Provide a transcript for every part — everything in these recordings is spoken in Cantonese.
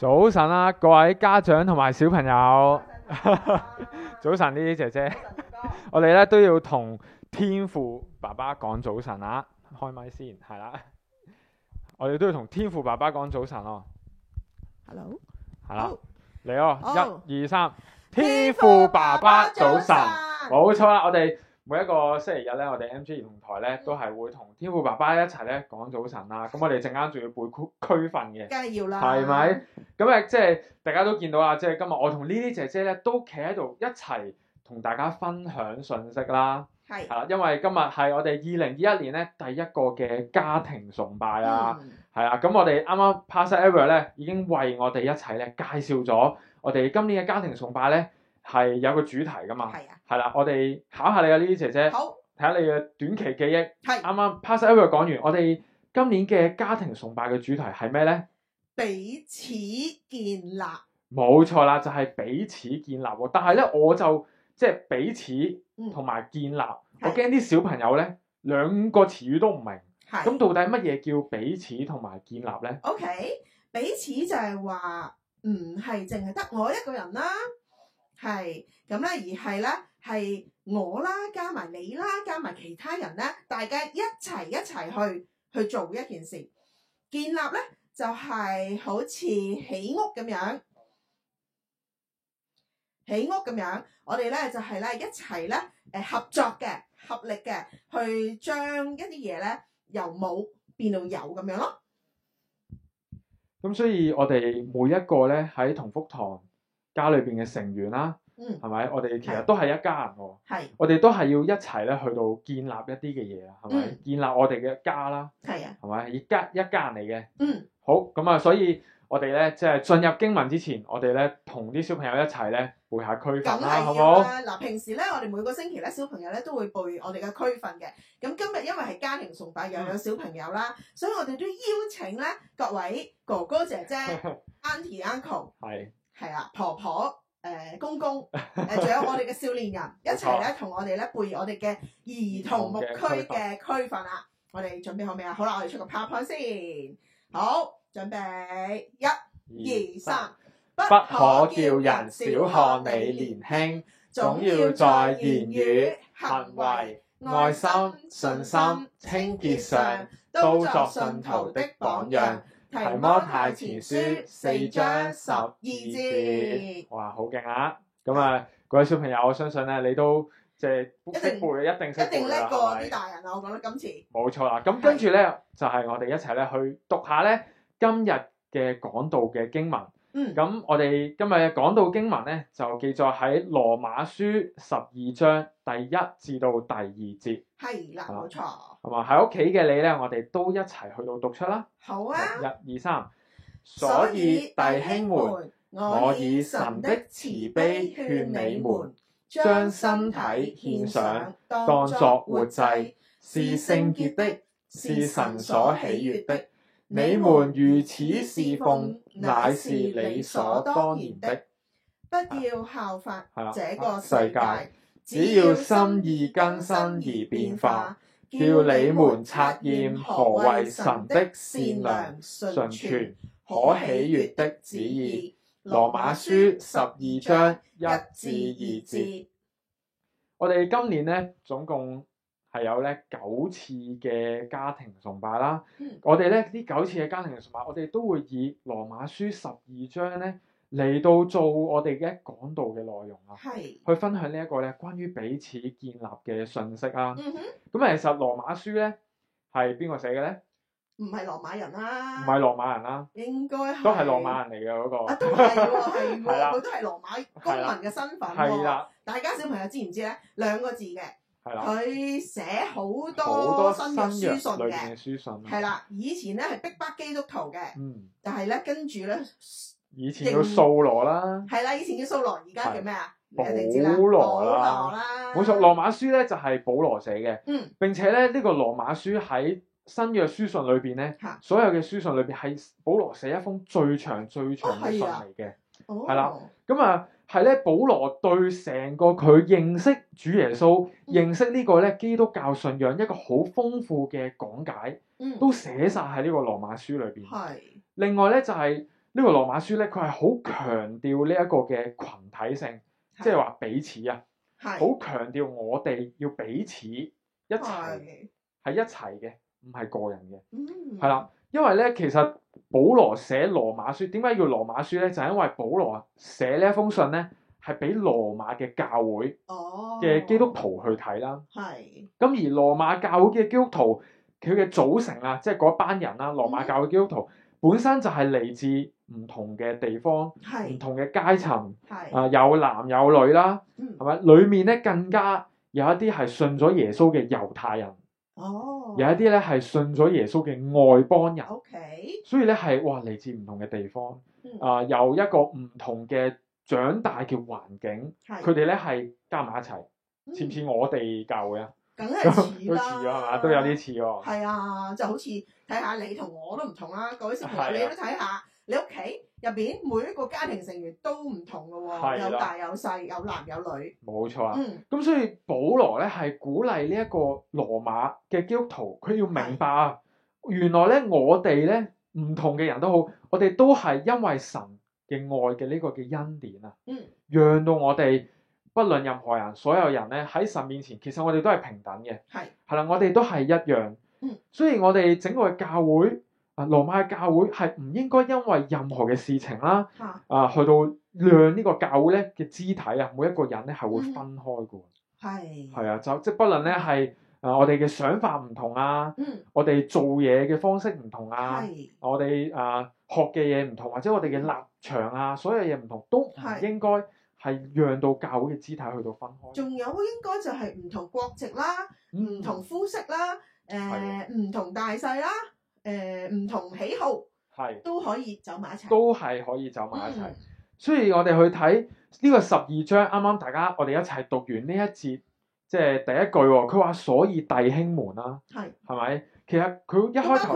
早晨啦、啊，各位家長同埋小朋友，早晨呢、啊、啲 姐姐， 我哋咧都要同天父爸爸講早晨啊！開麥先，係啦， 我哋都要同天父爸爸講早晨 Hello，係啦，嚟哦，一二三，天父爸爸早晨，冇錯啦，晨我哋。每一個星期日咧，我哋 M G 兒童台咧都係會同天父爸爸一齊咧講早晨啦。咁我哋陣間仲要背區區分嘅，梗係要啦，係咪？咁誒、就是，即係大家都見到啦，即、就、係、是、今日我同 Lily 姐姐咧都企喺度一齊同大家分享信息啦。係是，係啦，因為今日係我哋二零二一年咧第一個嘅家庭崇拜啊，係、嗯、啊。咁我哋啱啱 Pass Ever 咧已經為我哋一齊咧介紹咗我哋今年嘅家庭崇拜咧。係有個主題㗎嘛，係啊，係啦。我哋考，考下你啊，呢啲姐姐，好睇下你嘅短期記憶係啱啱 pass over 講完。我哋今年嘅家庭崇拜嘅主題係咩呢？彼此建立，冇錯啦，就係、是、彼此建立。但係呢，我就即係、就是、彼此同埋、嗯、建立，是我驚啲小朋友呢，兩個詞語都唔明。咁是到底乜嘢叫彼此同埋建立呢、嗯、o、okay? k 彼此就係話唔係淨係得我一個人啦。係咁咧，而係咧係我啦，加埋你啦，加埋其他人咧，大家一齊一齊去去做一件事。建立咧就係好似起屋咁樣，起屋咁樣，我哋咧就係咧一齊咧誒合作嘅、合力嘅去將一啲嘢咧由冇變到有咁樣咯。咁所以我哋每一個咧喺同福堂。家裏邊嘅成員啦，係咪？我哋其實都係一家人喎，我哋都係要一齊咧去到建立一啲嘅嘢啦，係咪？建立我哋嘅家啦，係啊，係咪？而家一家人嚟嘅，嗯，好咁啊，所以我哋咧即係進入經文之前，我哋咧同啲小朋友一齊咧背下區分啦，好唔好？嗱，平時咧我哋每個星期咧小朋友咧都會背我哋嘅區分嘅，咁今日因為係家庭崇拜又有小朋友啦，所以我哋都邀請咧各位哥哥姐姐、auntie uncle 係。係啦，婆婆、誒、呃、公公、誒、呃、仲有我哋嘅少年人一齊咧，同 我哋咧背我哋嘅兒童牧區嘅區份啊！ 我哋準備好未啊？好啦，我哋出個 powerpoint 先。好，準備一、二、三，不可叫人小看你年，年輕，總要在言語、行為、愛心、信心、清潔上都作信徒的榜樣。《提摩太前書》四章十二節，哇，好勁啊！咁啊，各位小朋友，我相信咧你都即係識背，一定識背啦。一定叻過啲大人啊。我覺得今次。冇錯啦，咁跟住咧就係我哋一齊咧去讀下咧今日嘅講道嘅經文。嗯，咁我哋今日講到經文咧，就記載喺羅馬書十二章第一至到第二節，係啦，冇錯，係嘛？喺屋企嘅你咧，我哋都一齊去到讀出啦，好啊，一二三，所以弟兄們，我以神的慈悲勸你們，將身體獻上，當作活祭，是聖潔的，是神所喜悅的。你們如此侍奉，乃是理所當然的。不要效法這個世界，只要心意更新而變化，叫你們察驗何為神的善良、純全、可喜悅的旨意。羅馬書十二章一至二節。我哋今年呢，總共，係有咧九次嘅家庭崇拜啦。我哋咧啲九次嘅家庭崇拜，嗯、我哋、嗯、都會以羅馬書十二章咧嚟到做我哋嘅講道嘅內容啦。係是 去分享呢一個咧關於彼此建立嘅信息啊。咁、嗯、哼其實羅馬書咧係邊個寫嘅咧？唔係羅馬人啦、啊。唔係羅馬人啦、啊。應該都係羅馬人嚟嘅嗰個。啊，係喎、啊，係啦、啊，佢 都係羅馬公民嘅身份喎。大家小朋友知唔知咧？兩個字嘅。對佢寫好多新約書信係啦、嗯，以前咧係逼迫基督徒嘅，嗯，就係咧跟住咧，以前叫掃羅啦，係啦，以前叫掃羅，而家叫咩啊？保羅啦，冇錯，羅馬書咧就係保羅寫嘅，嗯，並且咧呢個羅馬書喺新約書信裏邊咧，吓、啊、所有嘅書信裏邊係保羅寫一封最長最長嘅信嚟嘅、哦啊，哦，係啦，咁啊。係咧，保羅對成個佢認識主耶穌、認識呢個咧基督教信仰一個好豐富嘅講解，都寫晒喺呢個羅馬書裏邊。係的另外咧，就係、是、呢個羅馬書咧，佢係好強調呢一個嘅群體性，即係話彼此啊，好強調我哋要彼此一齊，係一齊嘅，唔係個人嘅，係啦的。因為咧，其實保羅寫羅馬書，點解叫羅馬書咧？就係、是、因為保羅寫呢一封信咧，係俾羅馬嘅教會嘅基督徒去睇啦。係。咁而羅馬教會嘅基督徒，佢嘅組成啊，即係嗰班人啦。羅馬教會基督徒本身就係嚟自唔同嘅地方，係唔、oh. 同嘅階層，係啊、oh. 呃，有男有女啦，係咪、oh.？裏面咧更加有一啲係信咗耶穌嘅猶太人。哦，oh. 有一啲咧係信咗耶穌嘅外邦人，Okay. 所以咧係哇嚟自唔同嘅地方，啊、mm. 呃、有一個唔同嘅長大嘅環境，佢哋咧係加埋一齊，像像似唔 似我哋教會啊？梗係似都似啊，係嘛？都有啲似喎。係啊，就好似睇下你同我都唔同啦，各位小朋、啊、你都睇下你屋企入面每一個家庭成員都唔同嘅喎，哦，的有大有細，有男有女。冇錯啊。咁、嗯、所以保羅咧係鼓勵呢一個羅馬嘅基督徒，佢要明白啊，的原來咧我哋咧唔同嘅人都好，我哋都係因為神嘅愛嘅呢個嘅恩典啊，嗯、讓到我哋不論任何人、所有人咧喺神面前，其實我哋都係平等嘅，係啦的，我哋都係一樣。嗯、所以我哋整個教會。啊！羅馬教會係唔應該因為任何嘅事情啦，啊，去到讓呢個教會咧嘅肢體啊，每一個人咧係會分開嘅，係係是啊，就即係不論咧係啊，我哋嘅想法唔同啊，嗯、我哋做嘢嘅方式唔同啊，是我哋啊學嘅嘢唔同，或者我哋嘅立場啊，所有嘢唔同都唔應該係讓到教會嘅肢體去到分開。仲有應該就係唔同國籍啦，唔、嗯、同膚色啦，誒唔的、呃、同大細啦。誒，唔、呃、同喜好係都可以走埋一齊，都係可以走埋一齊。嗯、所以我哋去睇呢、這個十二章，啱啱大家我哋一齊讀完呢一節，即係第一句，佢話所以弟兄們啦，係係咪？其實佢一開頭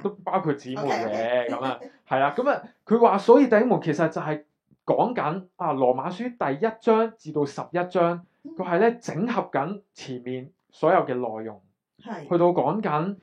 都包括姊妹嘅，咁 Okay. 啊，係啦，咁啊，佢話所以弟兄們，其實就係講緊啊，羅馬書第一章至到十一章，佢係咧整合緊前面所有嘅內容，係是去到講緊。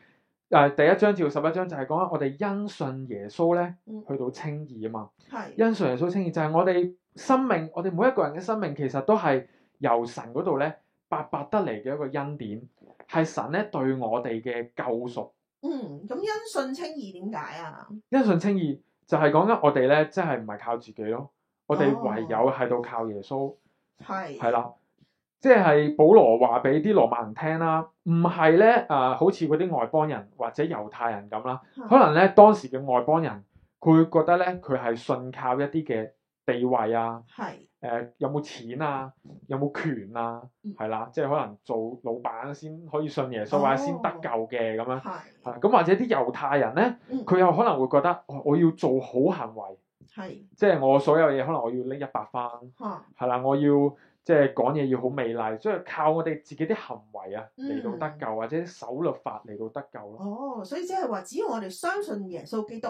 誒，第一章至到十一章就係講緊，我哋因信耶穌咧，去到稱義啊嘛。係因的信耶穌稱義，就係我哋生命，我哋每一個人嘅生命其實都係由神嗰度咧白白得嚟嘅一個恩典，係神咧對我哋嘅救贖。嗯，咁因信稱義點解啊？因信稱義就係講緊，我哋咧即係唔係靠自己咯，我哋唯有喺度靠耶穌。係係啦。的即係保羅話俾啲羅馬人聽啦，唔係咧，誒，好似嗰啲外邦人或者猶太人咁啦，可能咧當時嘅外邦人佢會覺得咧，佢係信靠一啲嘅地位啊，係，誒，有冇錢啊，有冇權啊，係啦，即係可能做老闆先可以信耶穌，或者先得救嘅咁樣，係，咁或者啲猶太人咧，佢又可能會覺得，我要做好行為，係，即係我所有嘢可能我要拎一百番，係啦，我要。即係講嘢要好美麗，所以靠我哋自己啲行為啊嚟到得救，或者守律法嚟到得救咯。哦，所以即係話，只要我哋相信耶穌基督，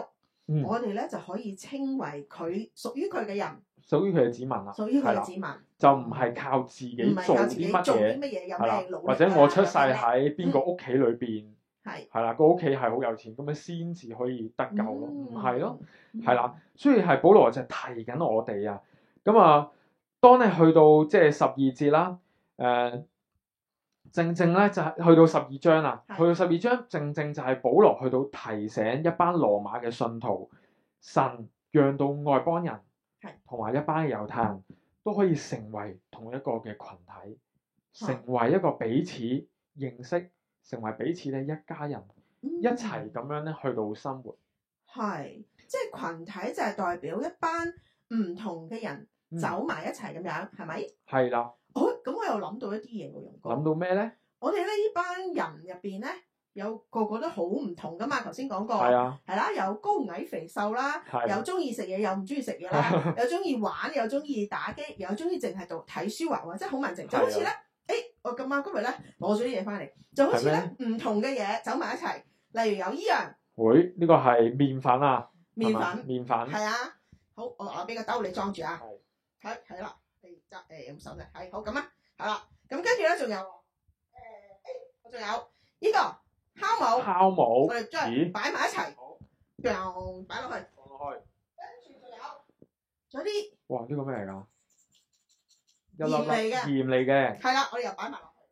我哋咧就可以稱為佢屬於佢嘅人，屬於佢嘅子民啦。屬於佢嘅子民，就唔係靠自己做啲乜嘢，或者我出世喺邊個屋企裏邊，係啦個屋企係好有錢，咁樣先至可以得救咯，唔係咯，係啦。所以係保羅就提緊我哋啊，咁啊。當你去到即係十二節啦，誒、呃，正正咧就係去到十二章啦，是的 去到十二章正正就係保羅去到提醒一班羅馬嘅信徒，神讓到外邦人同埋是的 一班猶太人都可以成為同一個嘅群體，成為一個彼此認識，成為彼此咧一家人，一齊咁樣咧去到生活，係，即係群體就係代表一班唔同嘅人。走埋一齊咁樣，係咪？係啦。好，咁我又諗到一啲嘢冇用過。諗到咩咧？我哋咧呢班人入邊咧，有個個都好唔同噶嘛。頭先講過，係啊，係啦，有高矮肥瘦啦，有中意食嘢，又唔中意食嘢啦，有中意玩，又中意打機，有中意淨係度睇書畫畫，真係好文靜。就好似咧，誒，我咁啱今日咧攞咗啲嘢翻嚟，就好似咧唔同嘅嘢走埋一齊。例如有依樣。喂呢個係麵粉啊？麵粉，麵粉。係啊。好，我我俾個兜你裝住啊。係係啦，第二集誒，用手嘅係好咁啊，係啦，咁跟住咧仲有誒誒，我仲有呢個酵母酵母，我哋將擺埋一齊，就擺落去，放落去，跟住仲有仲有啲，哇呢個咩嚟噶？鹽嚟嘅鹽嚟嘅，係啦，我哋又擺埋落去，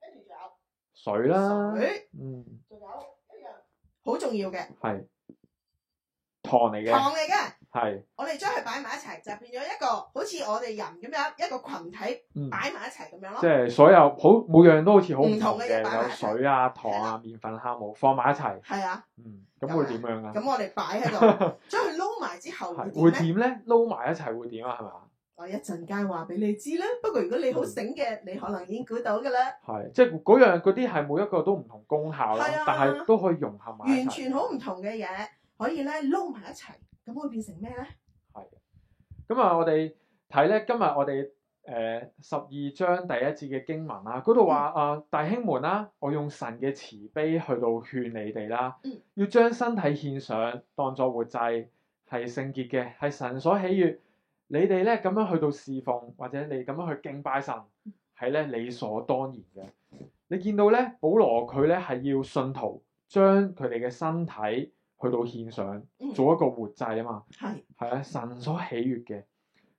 跟住仲有水啦，嗯，仲有一樣好重要嘅係糖嚟嘅糖嚟嘅。係，我哋將佢擺埋一齊，就變咗一個好似我哋人咁樣一個群體擺埋一齊咁樣咯。即係所有好每樣都好似好唔同嘅嘢，有水啊、糖啊、麵粉、酵母放埋一齊。係啊，嗯，咁會點樣啊？咁我哋擺喺度，將佢撈埋之後會點咧？撈埋一齊會點啊？係咪？我一陣間話俾你知啦。不過如果你好醒嘅，你可能已經估到噶啦。係，即係嗰樣嗰啲係每一個都唔同功效啦，係啊，但係都可以融合埋。完全好唔同嘅嘢可以咧撈埋一齊。咁會變成咩咧？係咁啊！我哋睇咧今日我哋誒十二章第一節嘅經文啦，嗰度話啊，弟兄們啦、啊，我用神嘅慈悲去到勸你哋啦，嗯、要將身體獻上當作活祭，係聖潔嘅，係神所喜悅。你哋咧咁樣去到侍奉，或者你咁樣去敬拜神，係咧理所當然嘅。你見到咧，保羅佢咧係要信徒將佢哋嘅身體。去到獻上，做一個活祭啊嘛，係係咧神所喜悅嘅，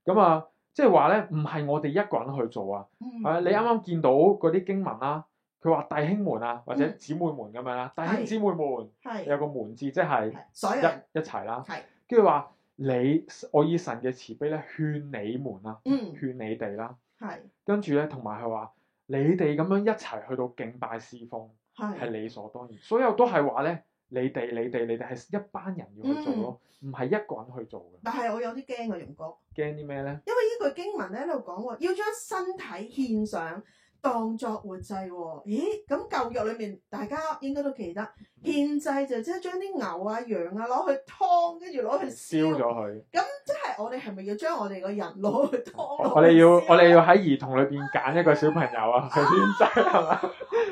咁啊，即係話咧，唔係我哋一個人去做啊，係啊，你啱啱見到嗰啲經文啦，佢話弟兄們啊或者姊妹們咁樣啦，弟兄姊妹們係有個門字，即係一一齊啦，係，跟住話你我以神嘅慈悲咧勸你們啊，勸你哋啦，係，跟住咧同埋佢話你哋咁樣一齊去到敬拜侍奉，係，係理所當然，所有都係話咧。你哋、你哋、你哋係一班人要去做咯，唔係、嗯、一個人去做嘅。但係我有啲驚㗎，容哥。驚啲咩咧？因為呢句經文咧喺度講喎，要將身體獻上。當作活祭喎？咦？咁舊約裏面，大家應該都記得，獻祭就即係將啲牛啊、羊啊攞去劏，跟住攞去燒咗佢。咁即係我哋係咪要將我哋個人攞去劏？我哋要，我哋要喺兒童裏邊揀一個小朋友啊，去獻祭係嘛？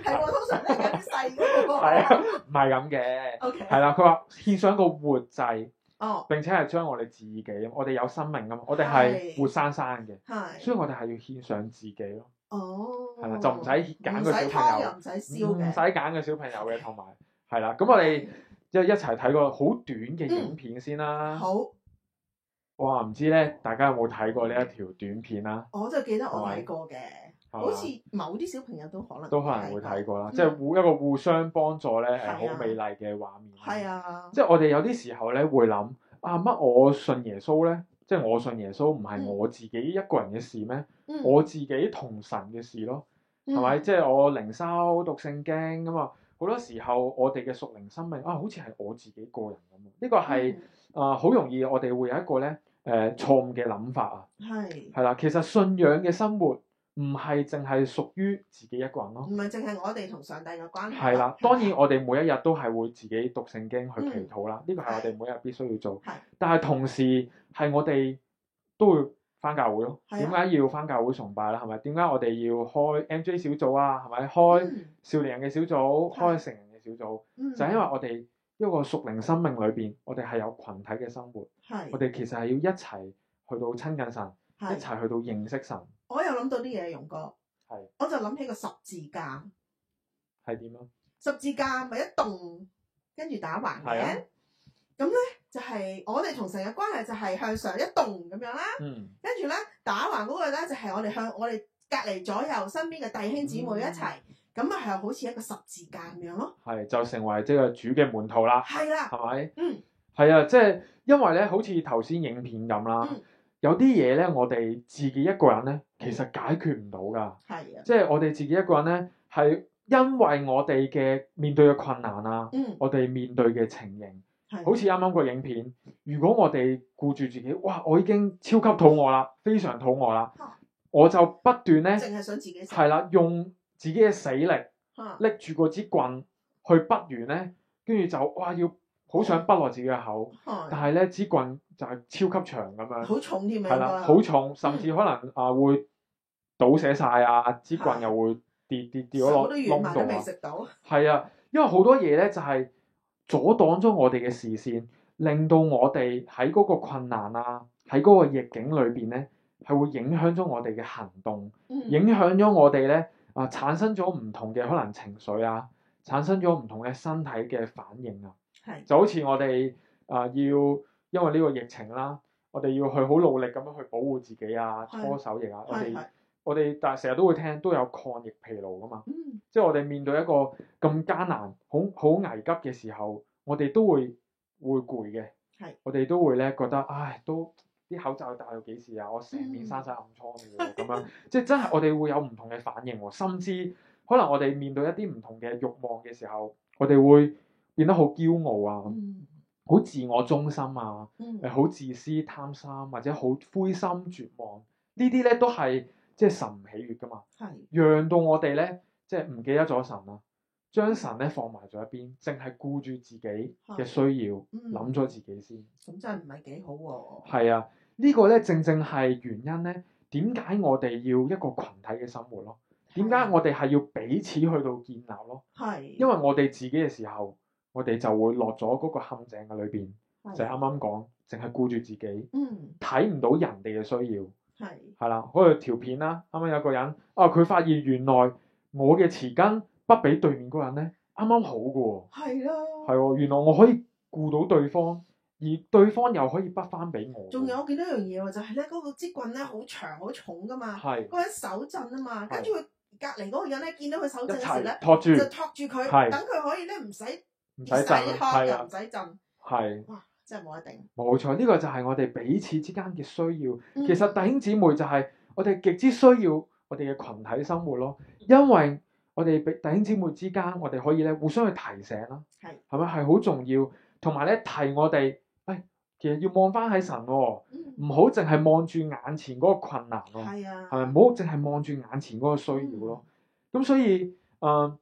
係喎， 通常都係揀啲細嘅嗰個。係 啊，唔係咁嘅。OK。係啦，佢話獻上一個活祭。哦。並且係將我哋自己，oh. 我哋有生命噶嘛，我哋係活生生嘅。係的。對所以我哋係要獻上自己咯。哦，係啦， 就唔使揀個小朋友，唔使揀個小朋友嘅，同埋係啦。咁我哋一一齊睇個好短嘅影片先啦。嗯、好，哇，唔知咧，大家有冇睇過呢一條短片啦？我就記得我睇過嘅，嗯、好似某啲小朋友都可能都可能會睇過啦。嗯、即係互一個互相幫助咧，係好美麗嘅畫面。係、嗯、啊，即係我哋有啲時候咧會諗啊，乜我信耶穌咧？即係我信耶穌唔係我自己一個人嘅事咩？嗯、我自己同神嘅事咯，係咪、嗯？即係我靈修讀聖經咁啊！好多時候我哋嘅屬靈生命啊，好似係我自己個人咁。呢、這個係啊，好、嗯呃、容易我哋會有一個咧誒錯誤嘅諗法啊。係係啦，其實信仰嘅生活。唔係淨係屬於自己一個人咯，唔係淨係我哋同上帝嘅關係。係啦，當然我哋每一日都係會自己讀聖經去祈禱啦，呢個係我哋每日必須要做。但係同時係我哋都會翻教會咯。點解要翻教會崇拜啦？係咪？點解我哋要開 MJ 小組啊？係咪？開少年人嘅小組，開成人嘅小組，就係因為我哋一個屬靈生命裏邊，我哋係有群體嘅生活。係，我哋其實係要一齊去到親近神，一齊去到認識神。我又諗到啲嘢，容哥，的我就諗起個十字架，係點啊？十字架咪一戙，跟住打橫嘅，咁咧的就係、是、我哋同神嘅關係就係向上一戙咁樣啦，嗯、跟住咧打橫嗰個咧就係我哋向我哋隔籬左右身邊嘅弟兄姊妹一齊，咁啊係好似一個十字架咁樣咯，係就成為即係主嘅門徒啦，係啦的，係咪吧？嗯，係啊，即、就、係、是、因為咧好似頭先影片咁啦。嗯嗯有啲嘢咧，我哋自己一個人咧，其實解決唔到噶。係的。即係我哋自己一個人咧，係因為我哋嘅面對嘅困難啊，嗯、我哋面對嘅情形，的好似啱啱個影片。如果我哋顧住自己，哇！我已經超級肚餓啦，非常肚餓啦，啊、我就不斷咧，淨係想自己，係啦，用自己嘅死力，拎住嗰支棍去不如咧，跟住就哇要。好想不落自己嘅口，但係咧，支棍就係超級長咁樣，好重添啊，係啦，好重，甚至可能啊會倒瀉晒啊，支棍又會跌跌跌咗落窿度啊，係啊，因為好多嘢咧就係阻擋咗我哋嘅視線，令到我哋喺嗰個困難啊，喺嗰個逆境裏邊咧，係會影響咗我哋嘅行動，影響咗我哋咧啊產生咗唔同嘅可能情緒啊，產生咗唔同嘅身體嘅反應啊。就好似我哋啊，要、呃、因為呢個疫情啦，我哋要去好努力咁樣去保護自己啊，搓手液啊，我哋我哋但係成日都會聽，都有抗疫疲勞㗎嘛。嗯、即係我哋面對一個咁艱難、好好危急嘅時候，我哋都會會攰嘅。係，我哋都會呢覺得，唉，都啲口罩戴到幾時啊？我成面生晒暗瘡嘅喎，咁樣即係真係我哋會有唔同嘅反應、啊，甚至可能我哋面對一啲唔同嘅慾望嘅時候，我哋會。變得好驕傲啊，好、嗯、自我中心啊，好、嗯、自私貪心，或者好灰心絕望，呢啲呢都係即係神唔喜悅噶嘛。係是讓到我哋呢，即係唔記得咗神啦，將神呢放埋咗一邊，淨係顧住自己嘅需要，諗咗是自己先。咁真係唔係幾好喎。係啊，呢、啊呢個呢正正係原因呢，點解我哋要一個群體嘅生活咯？點解是我哋係要彼此去到建立咯？係是，因為我哋自己嘅時候。我哋就會落咗嗰個陷阱嘅裏邊，的就係啱啱講，淨係顧住自己，睇唔、嗯、到人哋嘅需要，係啦的。嗰條片啦，啱啱有個人，啊佢發現原來我嘅匙羹不俾對面嗰個人咧啱啱好嘅喎，係啦的，原來我可以顧到對方，而對方又可以不翻俾我。仲有幾多樣嘢喎？就係、是、咧，嗰個支棍咧好長好重㗎嘛，係的，嗰個人手震啊嘛，跟住佢隔離嗰個人咧見到佢手震嘅時咧，托就托住佢，等佢可以咧唔使。唔使震，係啊，唔使震，係、啊，哇，真係冇一定，冇錯，呢、這個就係我哋彼此之間嘅需要。嗯、其實弟兄姊妹就係我哋極之需要我哋嘅群體生活咯，因為我哋俾弟兄姊妹之間，我哋可以咧互相去提醒啦，係是，係咪係好重要？同埋咧提我哋，喂、哎，其實要望翻喺神、啊，唔好淨係望住眼前嗰個困難，係、嗯、啊，係咪唔好淨係望住眼前嗰個需要咯？咁、嗯、所以，誒、嗯，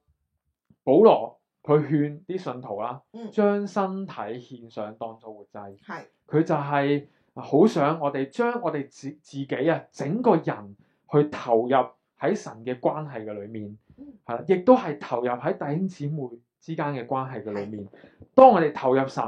保、嗯、羅。佢勸啲信徒啦，將身體獻上當做活祭。係的，佢就係好想我哋將我哋自自己啊，整個人去投入喺神嘅關係嘅裏面，係亦都係投入喺弟兄姊妹之間嘅關係嘅裏面。的當我哋投入神，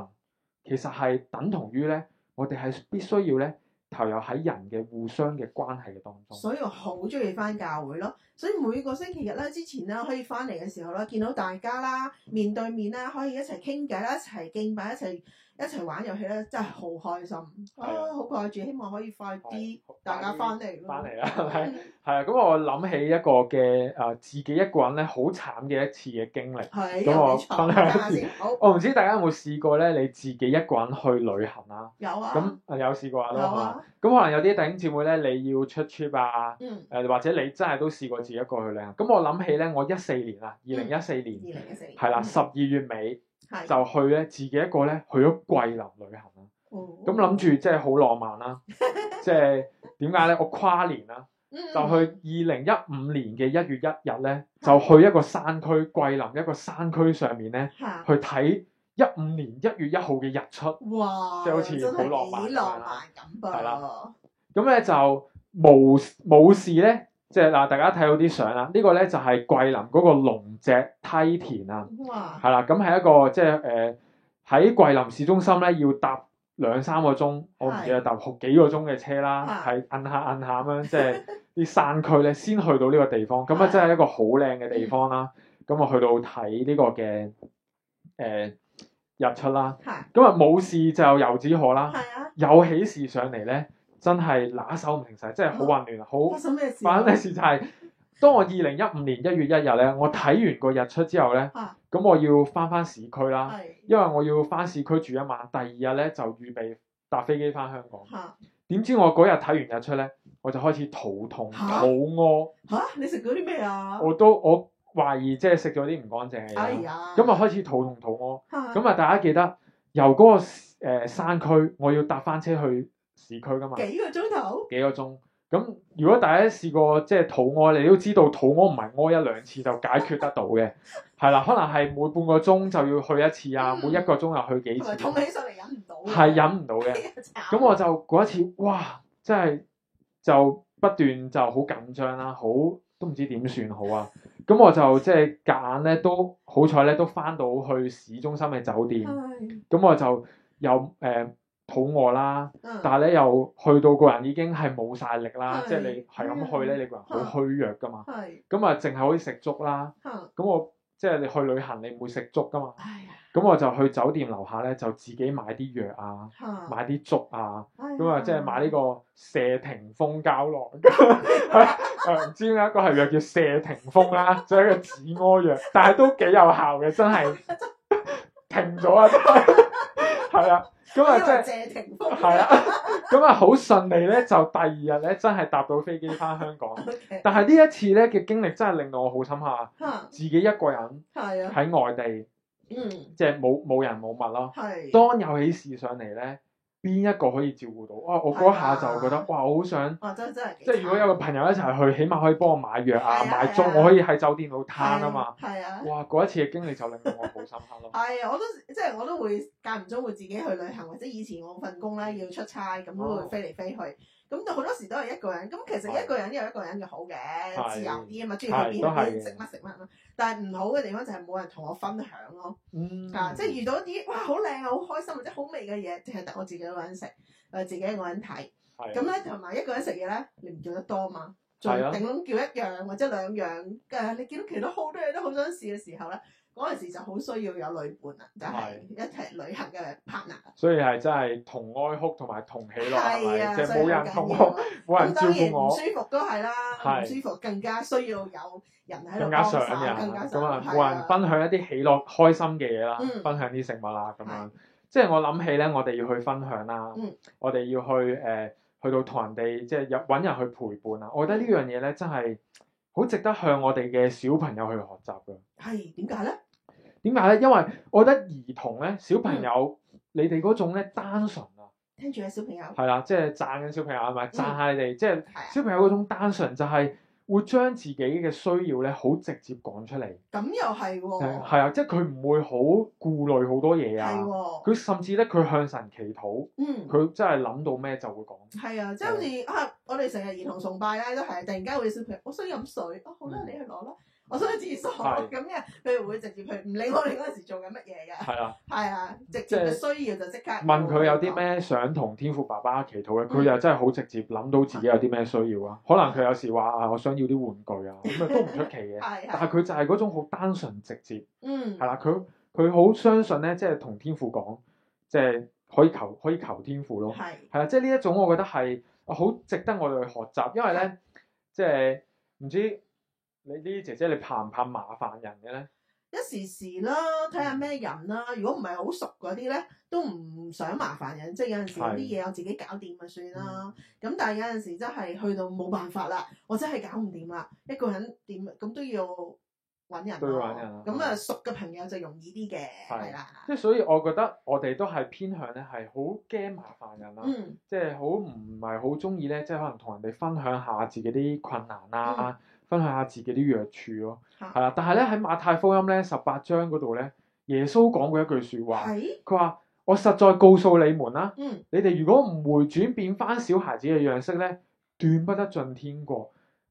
其實係等同於咧，我哋係必須要咧。投入喺人嘅互相嘅關係嘅當中，所以我好中意翻教會咯。所以每個星期日咧之前咧可以翻嚟嘅時候咧，見到大家啦，面對面啦，可以一齊傾偈啦，一齊敬拜，一齊。一齊玩遊戲咧，真係好開心好掛住，希望可以快啲大家翻嚟咯。翻嚟啦，係咪？係啊，咁我諗起一個嘅誒自己一個人咧，好慘嘅一次嘅經歷。係，咁我分享一次。我唔知大家有冇試過咧，你自己一個人去旅行啊？有啊。咁有試過啦嘛？有啊。咁可能有啲弟兄姊妹咧，你要出 trip 啊？嗯。誒，或者你真係都試過自己一個去旅行。咁我諗起咧，我一四年啦，二零一四年。二零一四年。係啦，十二月尾。就去咧，自己一個咧，去咗桂林旅行啦。咁諗住即係好浪漫啦， 即係點解咧？我跨年啦，就去二零一五年嘅一月一日咧，嗯、就去一個山區桂林一個山區上面咧，嗯、去睇一五年一月一號嘅日出。哇！好似好浪漫咁噃。咁咧、啊、就冇冇事咧。即係嗱，大家睇到啲相啦，呢、那個咧就係桂林嗰個龍脊梯田啊，係啦哇，咁係一個即係誒喺桂林市中心咧，要搭兩三個鐘，是我唔記得搭好幾個鐘嘅車啦，係摁是下摁下咁樣，即係啲山區咧先去到呢個地方，咁啊 真係一個好靚嘅地方啦。咁啊的去到睇、呃就是、的呢個嘅誒日出啦，咁啊冇事就遊子河啦，有喜事上嚟咧。真係拿手唔停曬，真係好混亂，好、啊、很發生咩事？事就係、是、當我二零一五年一月一日咧，我睇完個日出之後咧，咁、啊、我要翻翻市區啦，因為我要翻市區住一晚，第二日咧就預備搭飛機翻香港。點、啊、知我嗰日睇完日出咧，我就開始肚痛、肚屙。嚇！你食咗啲咩啊？我都我懷疑即係食咗啲唔乾淨嘅嘢。哎呀！咁啊開始肚痛肚屙。咁啊大家記得由嗰、那個山區、呃呃，我要搭翻車去。市區噶嘛？幾個鐘頭？幾個鐘？咁如果大家試過即係肚屙，你都知道肚屙唔係屙一兩次就解決得到嘅，係啦，可能係每半個鐘就要去一次啊，每一個鐘又去幾次。痛起上嚟，忍唔到。係忍唔到嘅。咁我就嗰一次，哇！真係就不斷就好緊張啦，好都唔知點算好啊。咁我就即係夾硬咧，都好彩咧，都返到去市中心嘅酒店。咁我就有誒。肚餓啦，但係咧又去到個人已經係冇晒力啦，即係你係咁去咧，你個人好虛弱噶嘛。咁啊，淨係可以食粥啦。咁我即係你去旅行，你唔會食粥噶嘛。咁我就去酒店樓下咧，就自己買啲藥啊，買啲粥啊。咁啊，即係買呢個謝霆鋒膠囊，唔知點解一個係藥叫謝霆鋒啦，仲有一個止屙藥，但係都幾有效嘅，真係停咗啊！係啊。咁啊，即係係啊，咁啊，好順利咧，就第二日咧，真係搭到飛機返香港。Okay. 但係呢一次咧嘅經歷真係令到我好深刻，啊。 自己一個人喺、 嗯、外地，嗯，即係冇冇人冇物咯。 當有起事上嚟咧。邊一個可以照顧到？哇、啊！我嗰下就覺得，啊、哇！我好想，啊、真真係即係如果有個朋友一齊去，起碼可以幫我買藥啊、買粥，我可以喺酒店度攤啊嘛。係啊！啊哇！嗰一次嘅經歷就令到我好深刻咯。係、 啊，我都即係我都會間唔中會自己去旅行，或者以前我份工咧要出差，咁都會飛嚟飛去。哦咁就好多時都係一個人，咁其實一個人有一個人嘅好嘅，的自由啲啊嘛，中意的去邊邊的食乜食乜，但係唔好嘅地方就係冇人同我分享咯，嚇、嗯，即係遇到一啲哇好靚啊好開心或者好味嘅嘢，淨係得我自己一個人食，誒自己一個人睇，咁咧同埋一個人食嘢咧，你唔做得多嘛。做頂籠叫一樣或者兩樣嘅，你見到其他好多嘢都好想試嘅時候咧，嗰陣時就好需要有旅伴啊，就係一齊旅行嘅 partner。所以係真係同哀哭同埋同喜樂，即係冇人同我，冇人照顧我，唔舒服都係啦，唔舒服更加需要有人喺度幫更加想人，咁啊冇人分享一啲喜樂開心嘅嘢啦，分享啲食物啦咁樣。即係我諗起咧，我哋要去分享啦，我哋要去誒。去到同人哋即係有搵人去陪伴啊！我覺得呢樣嘢咧真係好值得向我哋嘅小朋友去學習㗎。係，點解咧？點解咧？因為我覺得兒童咧小朋友，嗯、你哋嗰種咧單純啊，聽住啊小朋友，係啦，即係讚緊小朋友係咪？讚、就、下、是、你哋，即係、嗯、小朋友嗰種單純就係、是。會將自己嘅需要咧好直接講出嚟，咁又係喎，係、嗯、啊，即係佢唔會好顧慮好多嘢啊，佢、啊、甚至咧佢向神祈禱，嗯，佢真係諗到咩就會講，係啊，即係好似、嗯、啊，我哋成日兒童崇拜咧都係，突然間會小朋友，我想飲水哦、啊，好啦、啊，你去攞啦。嗯。我想去廁所咁嘅，佢會直接去，唔理我哋嗰陣時做緊乜嘢嘅。係啦，係啊，直接需要就即刻。問佢有啲咩想同天父爸爸祈禱嘅，佢又真係好直接，諗到自己有啲咩需要啊。可能佢有時話啊，我想要啲玩具啊，咁啊都唔出奇嘅。係，但係佢就係嗰種好單純直接。嗯。係啦，佢佢好相信咧，即係同天父講，即係可以求可以求天父咯。係。係啦，即係呢一種，我覺得係好值得我哋去學習，因為咧，即係唔知。你呢啲姐姐你怕唔怕麻煩人嘅咧？一時時啦，睇下咩人啦。嗯、如果唔係好熟嗰啲咧，都唔想麻煩人。即係有陣時啲嘢我自己搞掂咪算啦。咁的、嗯、但係有陣時真係去到冇辦法啦，我真係搞唔掂啦。一個人點咁都要揾人，都要揾人咁啊，熟嘅朋友就容易啲嘅，係啦。即係所以，我覺得我哋都係偏向咧，係好驚麻煩人啦、嗯。即係好唔係好中意咧，即係可能同人哋分享下自己啲困難啊。嗯嗯嗯分享下自己啲弱處咯，係啦。但係咧，喺馬太福音咧十八章嗰度咧，耶穌講過一句説話，佢話：我實在告訴你們啦，你哋如果唔回轉變翻小孩子嘅樣式咧，斷不得進天國。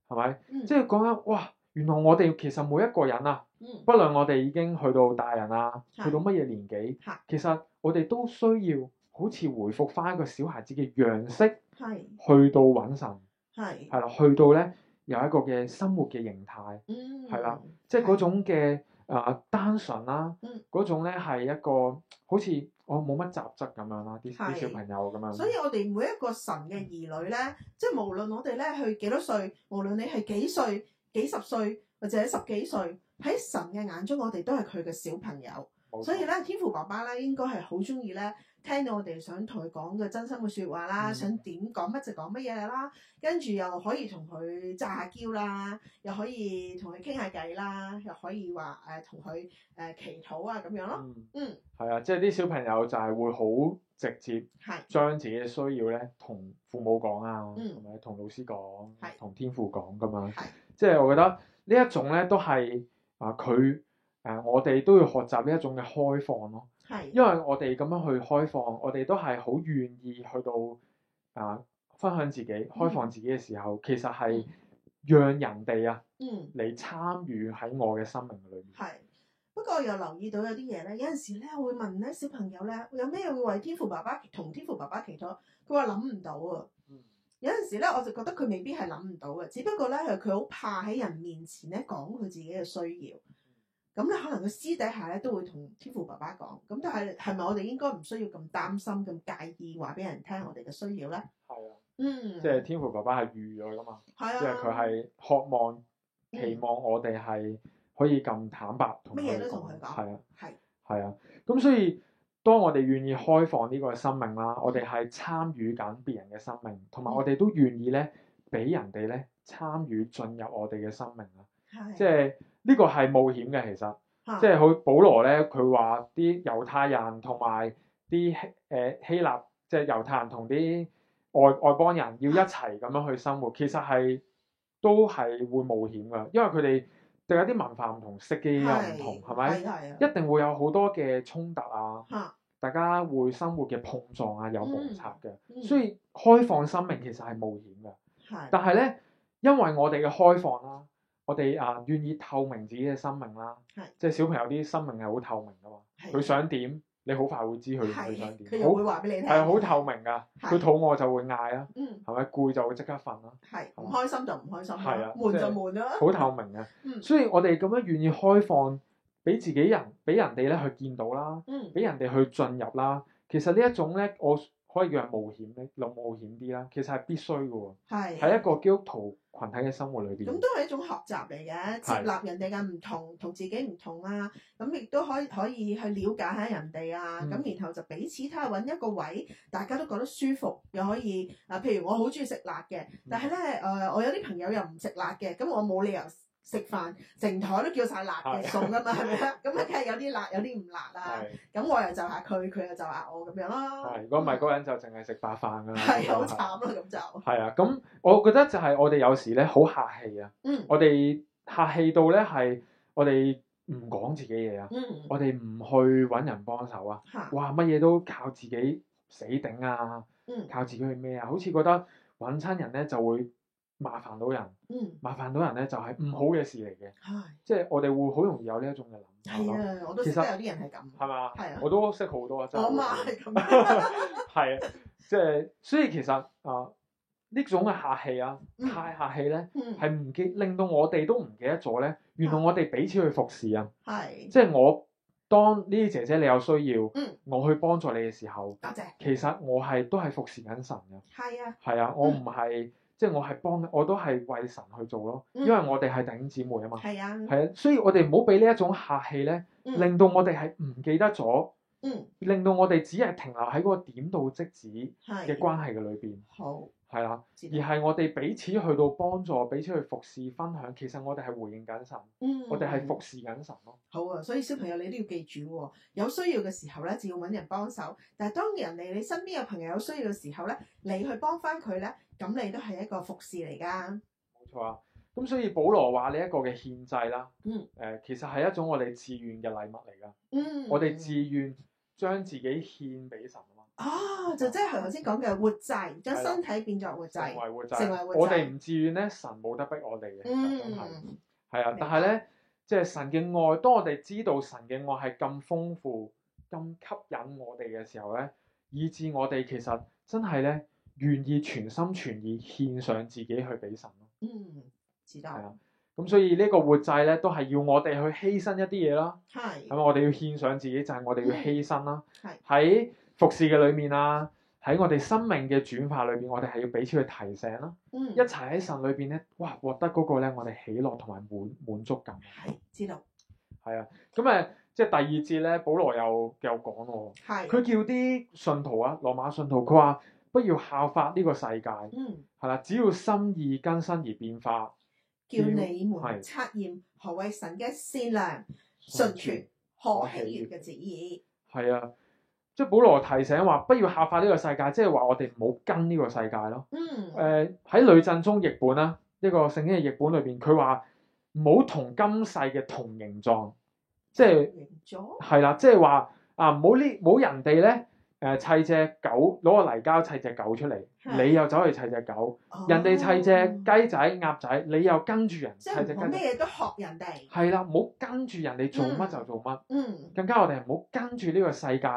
係咪？即係講緊哇，原來我哋其實每一個人啊，不論我哋已經去到大人啊，去到乜嘢年紀，其實我哋都需要好似回復翻一個小孩子嘅樣式，去到搵神，係啦，去到咧。有一個嘅生活嘅形態，係、嗯、啦，即係嗰種嘅啊的、呃、單純啦，嗰、嗯、種咧係一個好似我冇乜雜質咁樣啦，啲的小朋友咁樣。所以，我哋每一個神嘅兒女咧，嗯、即係無論我哋咧去幾多歲，無論你係幾歲、幾十歲，或者十幾歲，喺神嘅眼中，我哋都係佢嘅小朋友。錯所以咧，天父爸爸咧，應該係好中意咧。聽到我哋想同佢講嘅真心嘅説話啦，嗯、想點講乜就講乜嘢啦，跟住又可以同佢詐下嬌啦，又可以同佢傾下偈啦，又可以話誒同佢誒祈禱啊咁樣咯。嗯，係啊，即係啲小朋友就係會好直接，係將自己嘅需要咧同父母講啊，係咪同老師講，同天父講㗎嘛。即係我覺得呢一種咧都係啊佢誒，我哋都要學習呢一種嘅開放咯。係，因為我哋咁樣去開放，我哋都係好願意去到啊分享自己、開放自己嘅時候，嗯、其實係讓人哋啊，嗯，嚟參與喺我嘅生命裏面。係，不過我又留意到有啲嘢咧，有陣時咧，我會問咧小朋友咧，有咩會為天父爸爸同天父爸爸祈禱？佢話諗唔到啊。有陣時咧，我就覺得佢未必係諗唔到嘅，只不過咧係佢好怕喺人面前咧講佢自己嘅需要。咁咧，可能佢私底下咧都會同天父爸爸講，咁但係係咪我哋應該唔需要咁擔心、咁介意話俾人聽我哋嘅需要咧？係啊，嗯，即係天父爸爸係預咗㗎嘛，係啊，即係佢係渴望、期望我哋係可以咁坦白，咩嘢都同佢講，係啊，係，係啊，咁所以當我哋願意開放呢個生命啦，我哋係參與緊別人嘅生命，同埋我哋都願意咧俾人哋咧參與進入我哋嘅生命啊！即係呢個係冒險嘅，其實即係好保羅呢，佢話啲猶太人同埋啲希誒希臘，即係猶太人同啲外外邦人要一齊咁樣去生活，其實係都係會冒險㗎，因為佢哋對有啲文化唔同，食嘅又唔同，係咪？一定會有好多嘅衝突啊，係嘅，大家會生活嘅碰撞啊，有摩擦嘅，嗯、所以開放生命其實係冒險嘅。係嘅。嗯嗯、但係呢，因為我哋嘅開放啦。我哋啊，願意透明自己嘅生命啦，即係小朋友啲生命係好透明噶嘛，佢想點，你好快會知佢想點，佢又會話俾你聽，係好透明噶，佢肚餓就會嗌啦，係咪？攰就會即刻瞓啦，係唔開心就唔開心，係啊，悶就悶啦，好透明啊，所以我哋咁樣願意開放，俾自己人，俾人哋咧去見到啦，俾人哋去進入啦，其實呢一種咧我。可以叫係冒險咧，有冒險啲啦。其實係必須嘅喎，係喺是一個基督徒群體嘅生活裏邊。咁都係一種學習嚟嘅，接納人哋嘅唔同，同是自己唔同啊。咁、嗯、亦都可以可以去了解下人哋啊。咁然後就彼此睇下揾一個位，大家都覺得舒服，又可以啊。譬如我好中意食辣嘅，嗯、但係咧誒，我有啲朋友又唔食辣嘅，咁我冇理由。食飯成台都叫晒辣嘅餸噶嘛，係咪啊？咁咧梗係有啲辣，有啲唔辣啊。咁我又就下佢，佢又就下我咁樣咯。係，如果唔係嗰個人就淨係食白飯噶啦。係，好慘咯，咁就。係啊，咁我覺得就係我哋有時咧好客氣啊。嗯。我哋客氣到咧係我哋唔講自己嘢啊。嗯。我哋唔去搵人幫手啊。嚇。哇！乜嘢都靠自己死頂啊！靠自己去咩啊？好似覺得搵親人咧就會。麻煩到人，麻煩到人咧，就係唔好嘅事嚟嘅。即係我哋會好容易有呢一種嘅諗法。係啊，我都識有啲人係咁。係嘛？係啊。我都識好多啊。我阿媽係咁。係啊，即係，所以其實啊，呢種嘅客氣啊，太客氣咧，係唔記，令到我哋都唔記得咗咧。原來我哋彼此去服侍啊。係。即係我當呢啲姐姐你有需要，我去幫助你嘅時候，多謝。其實我係都係服侍緊神嘅。係啊。係啊，我唔係。即係我係幫，我都係為神去做咯，因為我哋係弟兄姊妹啊嘛，係、嗯、啊，啊，所以我哋唔好俾呢一種客氣咧，令到我哋係唔記得咗，嗯、令到我哋只係停留喺嗰個點到即止嘅關係嘅裏邊。嗯，好係啦，而係我哋彼此去到幫助，彼此去服侍、分享。其實我哋係回應緊神，嗯、我哋係服侍緊神咯。好啊，所以小朋友你都要記住喎，有需要嘅時候咧就要搵人幫手。但係當人哋、你身邊嘅朋友有需要嘅時候咧，你去幫返佢咧，咁你都係一個服侍嚟㗎。冇錯啊，咁所以保羅話呢一個嘅獻祭啦，誒、嗯、其實係一種我哋自願嘅禮物嚟㗎。嗯，我哋自願將自己獻俾神。哦，就即係頭先講嘅活祭，將身體變作活祭，成為活祭。活祭我哋唔自願咧，神冇得逼我哋嘅，係係啊！嗯、但係咧，白即係神嘅愛，當我哋知道神嘅愛係咁豐富、咁吸引我哋嘅時候咧，以致我哋其實真係咧願意全心全意獻上自己去俾神咯。嗯，知道是但係咁，所以呢個活祭咧，都係要我哋去犧牲一啲嘢啦。係咁的，我哋要獻上自己，就係、是、我哋要犧牲啦。係喺的。服侍嘅裏面啊，喺我哋生命嘅轉化裏邊，我哋係要彼此去提醒啦。嗯，一齊喺神裏邊咧，哇，獲得嗰、那個咧，我哋喜樂同埋滿滿足感。係知道。係啊，咁、嗯、誒，即係第二節咧，保羅又又講喎。係是。佢叫啲信徒啊，羅馬信徒，佢話不要效法呢個世界。嗯。係啦，只要心意更新而變化。叫你們測驗何為神嘅善良、純全的、順可喜悅嘅旨意。係啊。即係保羅提醒話，不要效法呢個世界，即係話我哋唔好跟呢個世界咯。嗯。誒、呃，喺《呂振中譯本》啦，一個聖經嘅譯本裏邊，佢話唔好同今世嘅同形狀，即、就、係、是、形狀係啦，即係話啊，唔好呢，冇人哋咧，誒砌隻狗，攞個泥膠砌隻狗出嚟，的你又走去砌隻狗，哦、人哋砌隻雞仔、鴨仔，你又跟住人即是 砌隻，即係咩嘢都學人哋。係啦，唔好跟住人哋做乜就做乜。嗯。更加我哋係唔好跟住呢個世界。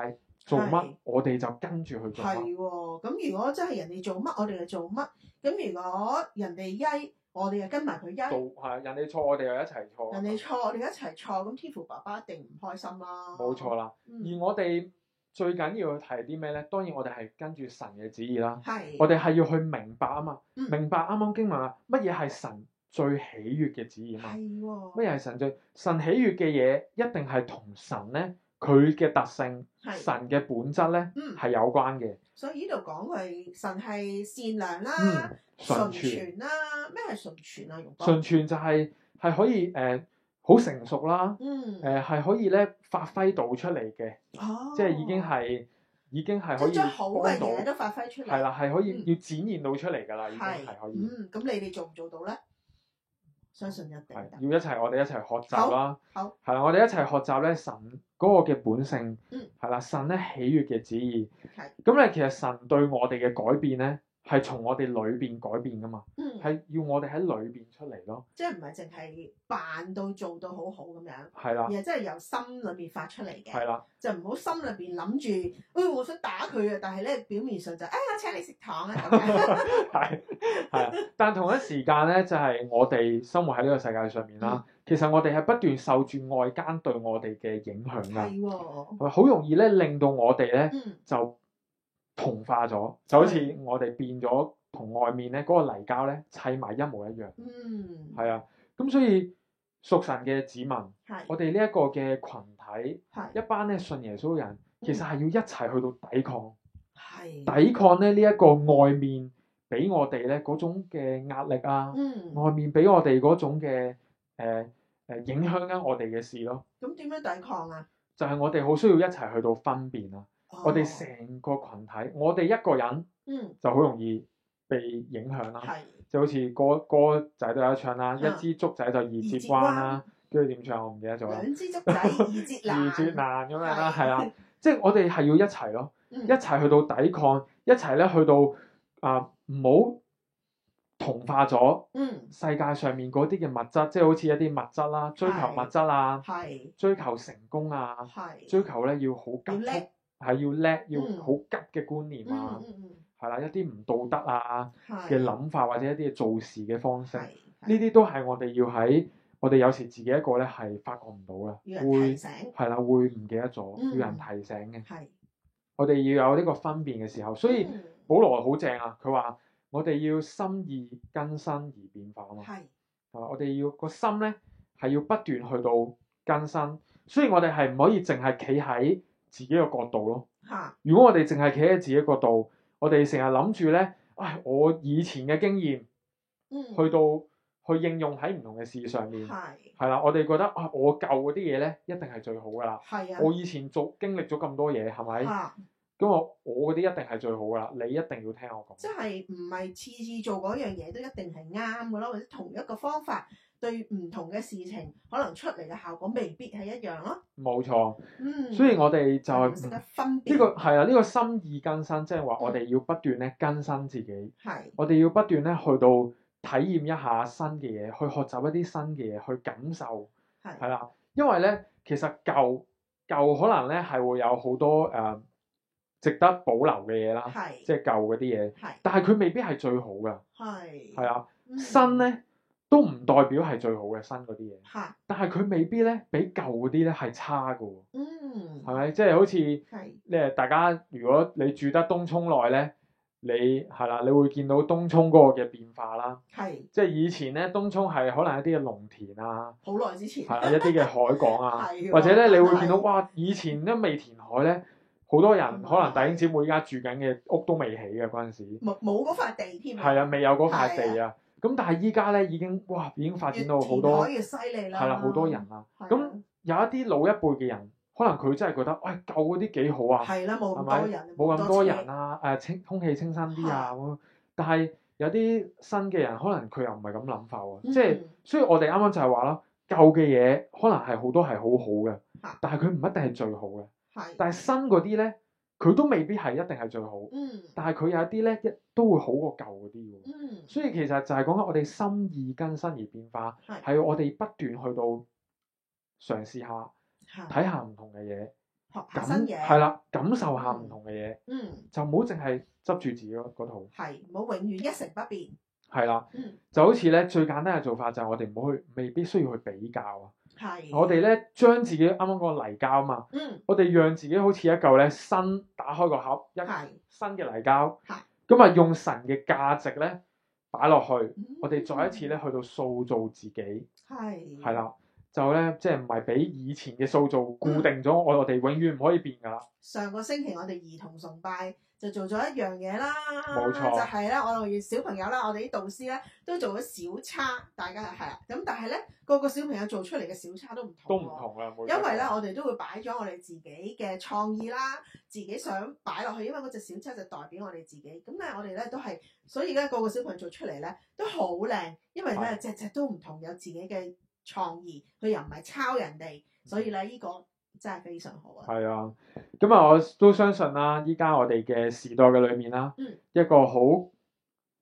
做乜？的我哋就跟住去做。係喎，咁如果真係人哋做乜，我哋就做乜。咁如果人哋曳，我哋就跟埋佢曳。做係，人哋錯，我哋又一齊錯。人哋錯，我哋一齊錯，咁天父爸爸一定唔開心啦。冇錯啦，而我哋最緊要去提啲咩咧？當然我哋係跟住神嘅旨意啦。係的。我哋係要去明白啊嘛，明白啱啱經文話乜嘢係神最喜悅嘅旨意啊？係喎的。乜嘢係神最神喜悅嘅嘢？一定係同神咧。佢嘅特性，的神嘅本質咧，係、嗯、有關嘅。所以呢度講佢神係善良啦，純全、嗯、啦，咩係純全啊？純全就係、是、係可以誒，好、呃、成熟啦，誒係、嗯呃、可以咧發揮到出嚟嘅，嗯、即係已經係已經係可以將好嘅嘢都發揮出嚟，係啦係可以要展現到出嚟噶啦，已經係可以。嗯，咁、嗯、你哋做唔做到咧？相信一定嘅，要一齊，我哋一齊學習啦。好，係啦，我哋一齊學習咧，神嗰個嘅本性，係啦、嗯，神咧喜悅嘅旨意。係。咁咧其實神對我哋嘅改變咧，係從我哋裏邊改變噶嘛。嗯係要我哋喺裏邊出嚟咯，即係唔係淨係扮到做到好好咁樣，係啦，而係真係由心裏面發出嚟嘅，係啦、欸，就唔好心裏邊諗住，誒，我想打佢啊，但係咧表面上就哎、是、呀，請你食糖 啊，咁樣係係啊。但同一時間咧，就係、是、我哋生活喺呢個世界上面啦， 其實我哋係不斷受住外間對我哋嘅影響㗎，係好的容易咧令到我哋咧、嗯、就同化咗，就好似我哋變咗。週 asion 同外面咧嗰個泥膠咧砌埋一模一樣，嗯，係啊，咁所以屬神嘅子民，是我哋呢一個嘅群體，係是一班咧信耶穌嘅人，嗯、其實係要一齊去到抵抗，係是抵抗咧呢一個外面俾我哋咧嗰種嘅壓力啊，嗯，外面俾我哋嗰種嘅誒誒影響緊我哋嘅事咯。咁點樣抵抗啊？嗯、就係我哋好需要一齊去到分辨啊！嗯、我哋成個群體，我哋一個人，嗯，就好容易。被影響啦，即係好似歌歌仔都有得唱啦，一支竹仔就二節彎啦，跟住點唱我唔記得咗啦。兩支竹仔二節難，二節難，咁樣啦，係啊，即係我哋係要一齊咯，一齊去到抵抗，一齊咧去到啊唔好同化咗世界上面嗰啲嘅物質，即係好似一啲物質啦，追求物質啊，追求成功啊，追求咧要好急，係要叻，要好急嘅觀念啊。係啦，一啲唔道德啊嘅諗的法，或者一啲做事嘅方式，呢啲的都係我哋要喺我哋有時自己一個咧係發覺唔到噶會係啦，會唔記得咗，要人提醒嘅。係我哋要有呢個分辨嘅時候，所以保羅好正啊，佢話我哋要心意更新而變化的啊嘛。係，係我哋要個心咧係要不斷去到更新，所以我哋係唔可以淨係企喺自己嘅角度咯。吓，如果我哋淨係企喺自己角度，我哋成日諗住呢，唉，我以前嘅經驗，去到去應用喺唔同嘅事上面，係的，係啦，我哋覺得啊，我舊嗰啲嘢呢，一定係最好噶啦，的我以前做經歷咗咁多嘢，係咪？咁我我嗰啲一定係最好噶啦，你一定要聽我講。即係唔係次次做嗰樣嘢都一定係啱噶咯？或者同一個方法對唔同嘅事情，可能出嚟嘅效果未必係一樣咯。冇錯。嗯。所以我哋就係、嗯嗯、識得分別呢、嗯呢個係啊，呢、呢個心意更新，即係話我哋要不斷咧更新自己。係、嗯。我哋要不斷咧去到體驗一下新嘅嘢，去學習一啲新嘅嘢，去感受。係是。係啦、啊，因為咧，其實舊舊可能咧係會有好多誒。呃值得保留嘅嘢啦，即係舊嗰啲嘢，但係佢未必係最好噶，係啊，新咧都唔代表係最好嘅新嗰啲嘢，但係佢未必咧比舊嗰啲咧係差噶，嗯，係咪？即係好似咧，大家如果你住得東涌內咧，你係啦，你會見到東涌嗰個嘅變化啦，即係以前咧東涌係可能一啲嘅農田啊，好耐之前，係一啲嘅海港啊，或者咧你會見到哇，以前咧未填海咧。好多人可能弟兄姐妹家住緊嘅屋都未起嘅嗰陣時，冇冇嗰塊地添啊！係啊，未有嗰塊地啊！咁但係依家咧已經哇已經發展到好多越填海越犀利啦，係啦，好多人啦。咁有一啲老一輩嘅人，可能佢真係覺得喂，舊嗰啲幾好啊，係啦，冇咁多人，冇咁多人啊，誒清空氣清新啲啊！但係有啲新嘅人，可能佢又唔係咁諗法喎。即係雖然我哋啱啱就係話啦，舊嘅嘢可能係好多係好好嘅，但係佢唔一定係最好嘅。但係新嗰啲咧，佢都未必係一定係最好。嗯。但係佢有一啲咧，一都會好過舊嗰啲嘅。嗯。所以其實就係講緊我哋心意更新而變化，係是我哋不斷去到嘗試下睇是下唔同嘅嘢，嘢學，係感啦，感受下唔同嘅嘢。嗯。就唔好淨係執住自己嗰套。係，唔好永遠一成不變。係啦。嗯。就好似咧，最簡單嘅做法就係我哋唔好去，未必需要去比較啊。 我哋咧將自己啱啱嗰個泥膠啊嘛，嗯、我哋讓自己好似一嚿咧新打開個盒，一新嘅泥膠，咁啊的用神嘅價值咧擺落去，嗯、我哋再一次咧去到塑造自己，係啦、嗯。的就咧，即係唔係比以前嘅數做固定咗，嗯、我我哋永遠唔可以變噶啦。上個星期我哋兒童崇拜就做咗一樣嘢啦，冇錯，就係咧，我哋小朋友啦，我哋啲導師咧都做咗小叉，大家係啊。咁、嗯、但係咧，個個小朋友做出嚟嘅小叉都唔同，都唔同啊，每因為咧，我哋都會擺咗我哋自己嘅創意啦，自己想擺落去，因為嗰隻小叉就代表我哋自己。咁咧，我哋咧都係，所以咧個個小朋友做出嚟咧都好靚，因為咧隻隻都唔同，有自己嘅的。創意，佢又唔係抄人哋，所以咧依、呢個真係非常好啊！係啊，咁啊我都相信啦，依家我哋嘅時代嘅裏面啦，嗯、一個好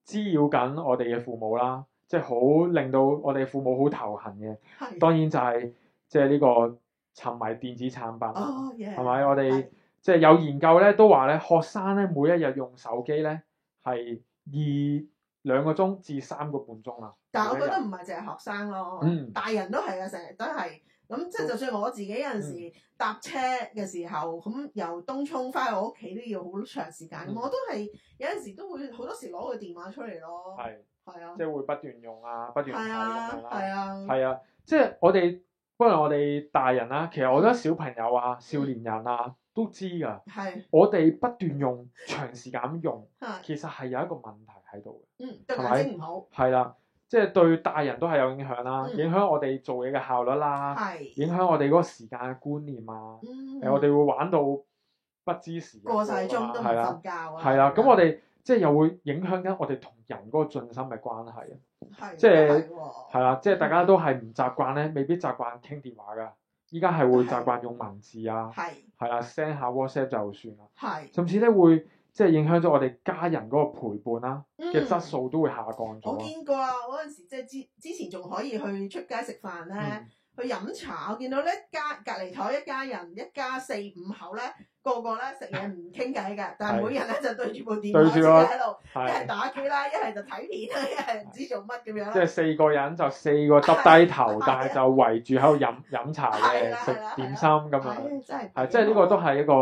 滋擾緊我哋嘅父母啦，即係好令到我哋父母好頭痕嘅。係的當然就係即係呢個沉迷電子產品，係咪？哦 yeah？我哋的即係有研究咧，都話咧學生咧每一日用手機咧係二。兩個鐘至三個半鐘啦，但係我覺得唔係淨係學生咯，大人都係啊，成日都係咁，即係就算我自己有陣時搭車嘅時候，咁由東涌翻去我屋企都要好長時間，我都係有陣時都會好多時攞個電話出嚟咯，係係啊，即係會不斷用啊，不斷用，係啊，係啊，係啊，即係我哋，不過我哋大人啊，其實我覺得小朋友啊、少年人啊。都知噶，我哋不斷用長時間咁用，其實係有一個問題喺度嘅，係咪？係啦，即係對大人都係有影響啦，影響我哋做嘢嘅效率啦，影響我哋嗰個時間嘅觀念啊，誒，我哋會玩到不知時過曬鐘都唔瞓覺啊，係啦，咁我哋即係又會影響緊我哋同人嗰個進心嘅關係啊，即係係啦，即係大家都係唔習慣咧，未必習慣傾電話噶。依家係會習慣用文字啊，係的，係啊 send 下 WhatsApp 就算啦，係的，甚至咧，會即係影響咗我哋家人嗰個陪伴啦嘅質素都會下降咗。我見過啊，嗰陣時即係之之前仲可以去出街食飯咧。嗯去飲茶，我見到咧家隔離台一家人，一家四五口咧，個個咧食嘢唔傾偈嘅，但係每日咧就對住部電話喺度，一係打機啦，一係就睇片啦，一係唔知做乜咁樣。即係四個人就四個耷低頭，但係就圍住喺度飲飲茶嘅食點心咁樣。係，真係，係即係呢個都係一個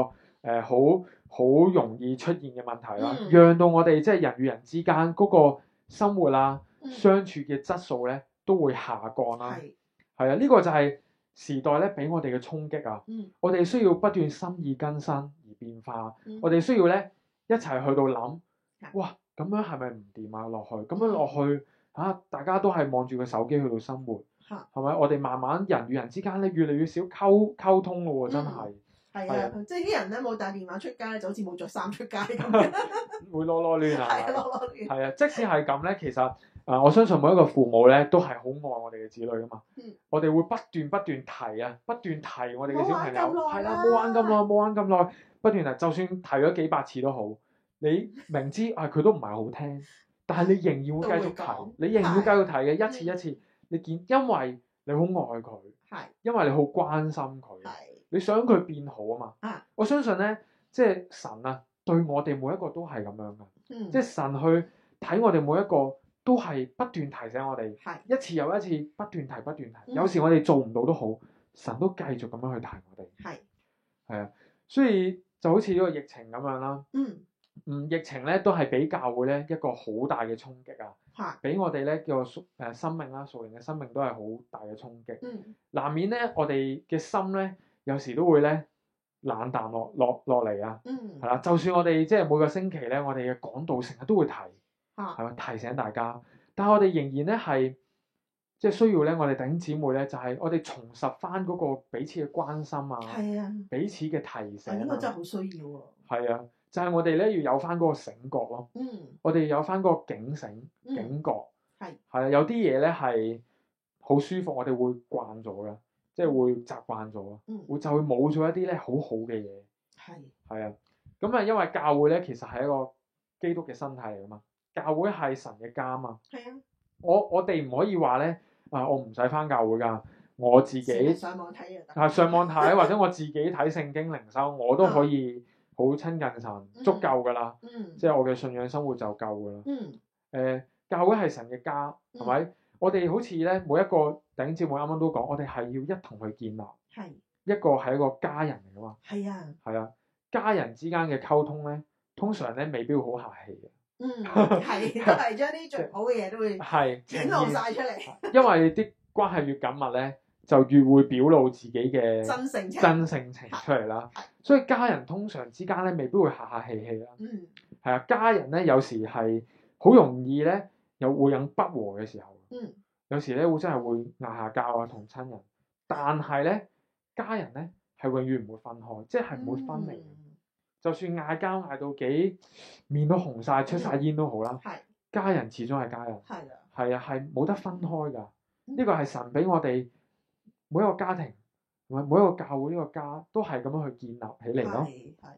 誒好好容易出現嘅問題咯，讓到我哋即係人與人之間嗰個生活啊、相處嘅質素咧都會下降啦。係啊，呢個就係時代咧俾我哋嘅衝擊啊！我哋需要不斷心意更新而變化，嗯、我哋需要咧一齊去到諗，哇，咁樣係咪唔掂啊？落去咁樣落去嚇、啊，大家都係望住個手機去到生活，係咪、啊？我哋慢慢人與人之間咧越嚟越少溝溝通咯喎、啊，真係。嗯係啊，即係啲人咧冇帶電話出街就好似冇着衫出街咁，會囉囉攣啊！係啊，即使係咁咧，其實啊，我相信每一個父母咧都係好愛我哋嘅子女噶嘛。我哋會不斷不斷提啊，不斷提我哋嘅小朋友，係啦，冇玩咁耐，冇玩咁耐，不斷提，就算提咗幾百次都好，你明知啊佢都唔係好聽，但係你仍然會繼續提，你仍然會繼續提嘅，一次一次，你見，因為你好愛佢，係，因為你好關心佢，你想佢變好啊嘛？啊！我相信咧，即係神啊，對我哋每一個都係咁樣嘅，嗯、即係神去睇我哋每一個都係不斷提醒我哋，係是一次又一次不斷提不斷提。嗯、有時我哋做唔到都好，神都繼續咁樣去提我哋。係，係啊，所以就好似呢個疫情咁樣啦。嗯嗯，疫情咧都係俾教會咧一個好大嘅衝擊啊，俾我哋咧個誒生命啦、熟人嘅生命都係好大嘅衝擊。嗯，難免咧我哋嘅心咧。有時都會咧冷淡落落落嚟啊，係啦、嗯。就算我哋即係每個星期咧，我哋嘅講道成日都會提，係嘛、啊、提醒大家。但係我哋仍然咧係即係需要咧，我哋弟兄姊妹咧就係我哋重拾翻嗰個彼此嘅關心啊，嗯、彼此嘅提醒。咁我、嗯、真係好需要啊。係啊，就係、是、我哋咧要有翻嗰個醒覺咯。嗯，我哋有翻嗰個警醒、警覺。係、嗯。係啊，有啲嘢咧係好舒服，我哋會慣咗嘅。即係會習慣咗，會、嗯、就會冇咗一啲咧好好嘅嘢。係係啊，咁啊，因為教會咧其實係一個基督嘅身體啊嘛，教會係神嘅家啊嘛。係的啊，我我哋唔可以話咧啊，我唔使返教會噶，我自己上網睇啊，上網睇 或者我自己睇聖經靈修，我都可以好親近神，嗯嗯足夠噶啦。嗯、即係我嘅信仰生活就夠噶啦。嗯，誒、嗯，教會係神嘅家，係咪、嗯？嗯我哋好似咧，每一個頂節目啱啱都講，我哋係要一同去建立一個係一個家人嚟嘅嘛。係啊，係啊，家人之間嘅溝通咧，通常咧未必會好客氣嘅。嗯，係，因為將啲最好嘅嘢都會係展露晒出嚟。因為啲關係越緊密咧，就越會表露自己嘅真性情真性情出嚟啦。所以家人通常之間咧，未必會客客氣氣啦。嗯，係啊，家人咧有時係好容易咧，有會有不和嘅時候。嗯， 有時咧會真係會嗌下交啊，同親人。但係咧，家人咧係永遠唔會分開，即係唔會分離。嗯、就算嗌交嗌到幾面都紅晒，出晒煙都好啦，係家人始終係家人，係啊的，係啊的，係冇得分開噶。呢個係神俾我哋每一個家庭同每一個教會呢個家都係咁樣去建立起嚟咯。係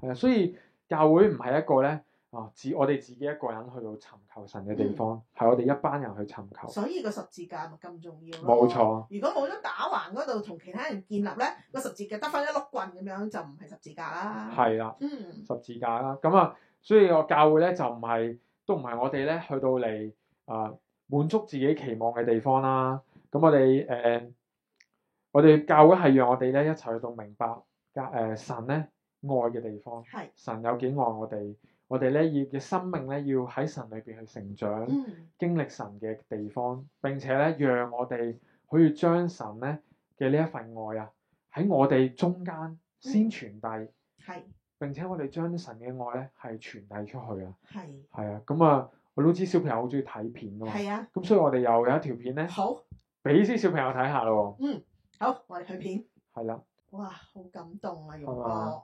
係啊，所以教會唔係一個咧。哦、啊，自我哋自己一個人去到尋求神嘅地方，係、嗯、我哋一班人、嗯、去尋求，所以個十字架咪咁重要冇錯。 如果冇咗打橫嗰度同其他人建立咧，個十字架得翻一碌棍咁樣，就唔係十字架啦。係啦的、嗯，嗯，十字架啦。咁啊，所以個教會咧就唔係都唔係我哋咧去到嚟啊滿足自己期望嘅地方啦。咁我哋誒，我哋教會係讓我哋咧一齊去到明白誒神咧愛嘅地方，係、嗯神，呃、神，神有幾愛我哋。我哋咧要嘅生命咧要喺神裏邊去成長，嗯、經歷神嘅地方，並且咧讓我哋可以將神咧嘅呢一份愛啊喺我哋中間先傳遞，係、嗯，並且我哋將神嘅愛咧係傳遞出去啊，係是，係啊，咁啊，我都知小朋友好中意睇片噶嘛，係啊，咁所以我哋又有一條片咧，好，俾啲小朋友睇下咯，嗯，好，我哋去片，係啦、啊，哇，好感動啊，玉哥。啊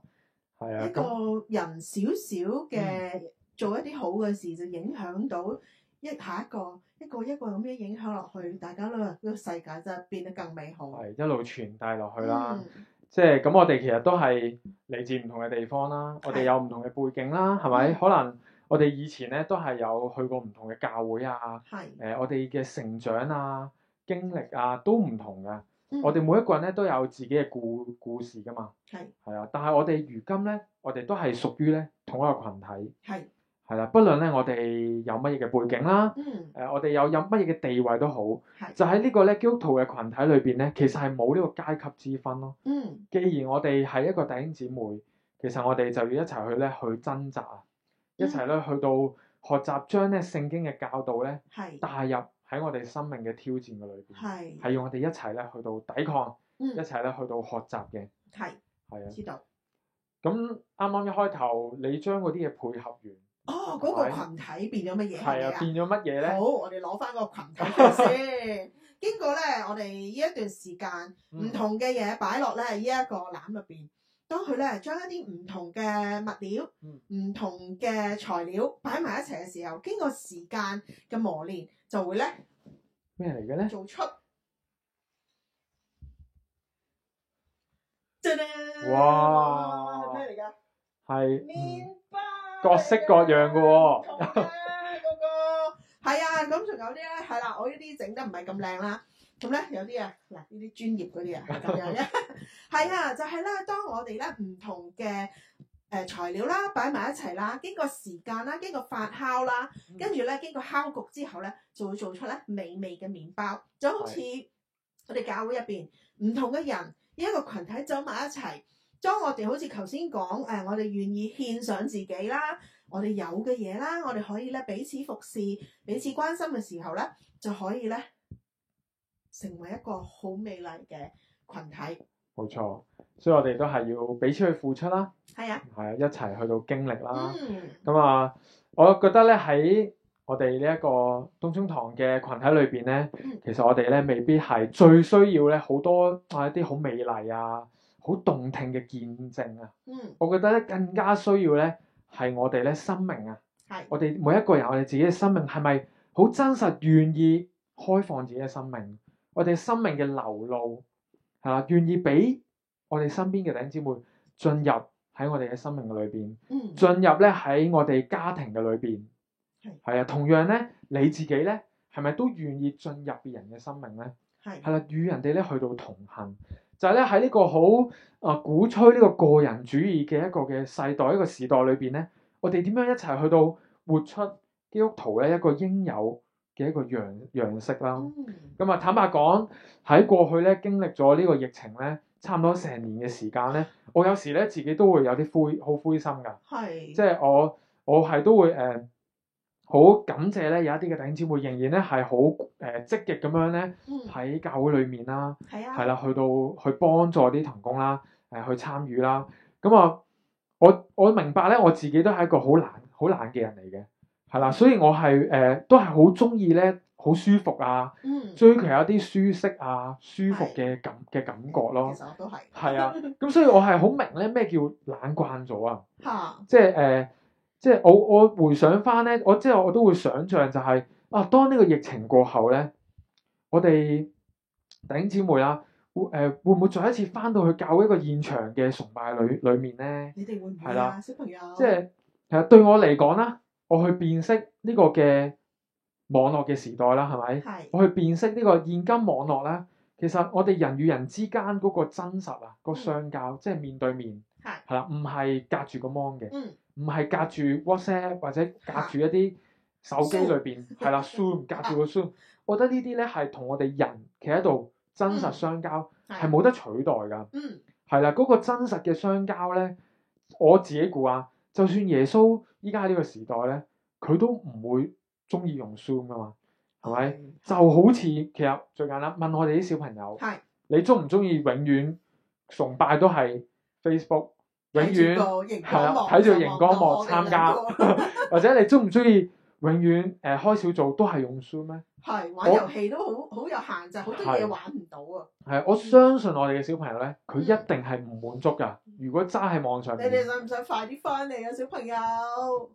一個人少少嘅做一啲好嘅事，嗯、就影響到一下一個一個一個咁樣影響落去，大家呢個世界就變得更美好。係一路傳遞落去啦，嗯、即係咁，我哋其實都係嚟自唔同嘅地方啦，嗯、我哋有唔同嘅背景啦，係咪、嗯？可能我哋以前咧都係有去過唔同嘅教會啊，係誒、嗯呃，我哋嘅成長啊、經歷啊都唔同嘅。嗯、我哋每一個人咧都有自己嘅故故事㗎嘛，係是，係啊，但係我哋如今咧，我哋都係屬於咧同一個群體，係是，係啦，不論咧我哋有乜嘢嘅背景啦，嗯，誒、呃、我哋有有乜嘢嘅地位都好，是就喺呢個咧基督徒嘅群體裏邊咧，其實係冇呢個階級之分咯，嗯，既然我哋係一個弟兄姊妹，其實我哋就要一齊去咧去掙扎啊，一齊咧、嗯、去到學習將咧聖經嘅教導咧，係，帶入。喺我哋生命嘅挑戰嘅裏邊，係係是用我哋一齊咧去到抵抗，嗯、一齊咧去到學習嘅，係係啊，的知道。咁啱啱一開頭，你將嗰啲嘢配合完，哦，嗰的個群體變咗乜嘢？係啊，變咗乜嘢咧？好，我哋攞翻個群體先。 經過咧，我哋呢一段時間，唔、嗯、同嘅嘢擺落咧呢一個籃入邊。當佢咧將一啲唔同嘅物料、唔、嗯、同嘅材料擺埋一齊嘅時候，經過時間嘅磨練，就會咧咩嚟嘅咧？呢做出。即哇！係咩嚟噶？係。麵包是白、嗯。各式各樣嘅喎、哦。唔嗰 個。係啊，咁仲有啲咧，係啦、啊，我呢啲整得唔係咁靚啦。咁咧有啲啊嗱呢啲專業嗰啲、就是、 啊咁樣嘅係啊就係啦，當我哋咧唔同嘅誒材料啦擺埋一齊啦，經過時間啦，經過發酵啦，跟住咧經過烤焗之後咧，就會做出咧美味嘅麵包。就好似我哋教會入邊唔同嘅人一個群體走埋一齊，當我哋好似頭先講誒，我哋願意獻上自己啦，我哋有嘅嘢啦，我哋可以咧彼此服侍、彼此關心嘅時候咧，就可以咧。成為一個好美麗嘅群體，冇錯，所以我哋都係要彼此去付出啦，係啊，係啊，一齊去到經歷啦。咁啊、嗯，我覺得咧喺我哋呢一個東涌堂嘅群體裏邊咧，嗯、其實我哋咧未必係最需要咧好多一啲好美麗啊、好動聽嘅見證啊。嗯，我覺得咧更加需要咧係我哋咧生命啊，係是我哋每一個人，我哋自己嘅生命係咪好真實？願意開放自己嘅生命？我哋生命嘅流露，係啦，願意俾我哋身邊嘅弟兄姊妹進入喺我哋嘅生命裏邊，嗯、進入咧喺我哋家庭嘅裏邊，係啊，同樣咧你自己咧，係咪都願意進入別人嘅生命咧？係吧，係啦，與人哋咧去到同行，就係咧喺呢個好啊、呃、鼓吹呢個個人主義嘅一個嘅世代一個時代裏邊咧，我哋點樣一齊去到活出基督徒咧一個應有嘅一個樣樣式啦，咁、嗯、啊，坦白講喺過去咧經歷咗呢個疫情咧，差唔多成年嘅時間咧，我有時咧自己都會有啲灰，好灰心噶，是即係我我係都會誒好、呃、感謝咧，有一啲嘅弟兄姊妹仍然咧係好誒積極咁樣咧喺教會裏面啦，係啦，去到去幫助啲同工啦，誒、呃、去參與啦，咁、嗯、我我我明白咧，我自己都係一個好懶好懶嘅人嚟嘅。係啦，嗯、所以我係誒、呃，都係好中意咧，好舒服啊，追求、嗯、一啲舒適啊，舒服嘅感嘅、嗯、感覺咯。其實我都係。係啊，咁所以我係好明咧，咩叫懶慣咗啊？吓、啊，即係誒，即、呃、係、就是、我我回想翻咧，我即係、就是、我都會想象就係、是，啊，當呢個疫情過後咧，我哋弟兄姊妹啦，會誒、呃、會唔會再一次翻到去搞一個現場嘅崇拜裏裏面咧？你哋會唔會不啊？小朋友，即係其實對我嚟講啦。我去辨識呢個嘅網絡嘅時代啦，係咪？係的。我去辨識呢個現今網絡啦。其實我哋人與人之間嗰個真實啊，個相交、嗯、即係面對面，係係啦，唔係隔住個 mon 嘅，嗯，唔係隔住 WhatsApp 或者隔住一啲手機裏邊係啦，Zoom 隔住個 Zoom、嗯、我覺得呢啲咧係同我哋人企喺度真實相交係冇得取代噶，嗯，係啦的，嗰、嗯嗰個真實嘅相交咧，我自己估啊。就算耶穌依家呢個時代咧，佢都唔會中意用 Zoom 㗎嘛，係咪、嗯？就好似其實最簡單問我哋啲小朋友，的你中唔中意永遠崇拜都係 Facebook，永遠係睇住熒光幕參加， 或者你中唔中意？永遠誒開小組都係用書咩？係玩遊戲都好好有限，就好多嘢玩唔到啊！係我相信我哋嘅小朋友咧，佢一定係唔滿足噶。如果揸喺網上，你哋想唔想快啲翻嚟啊，小朋友？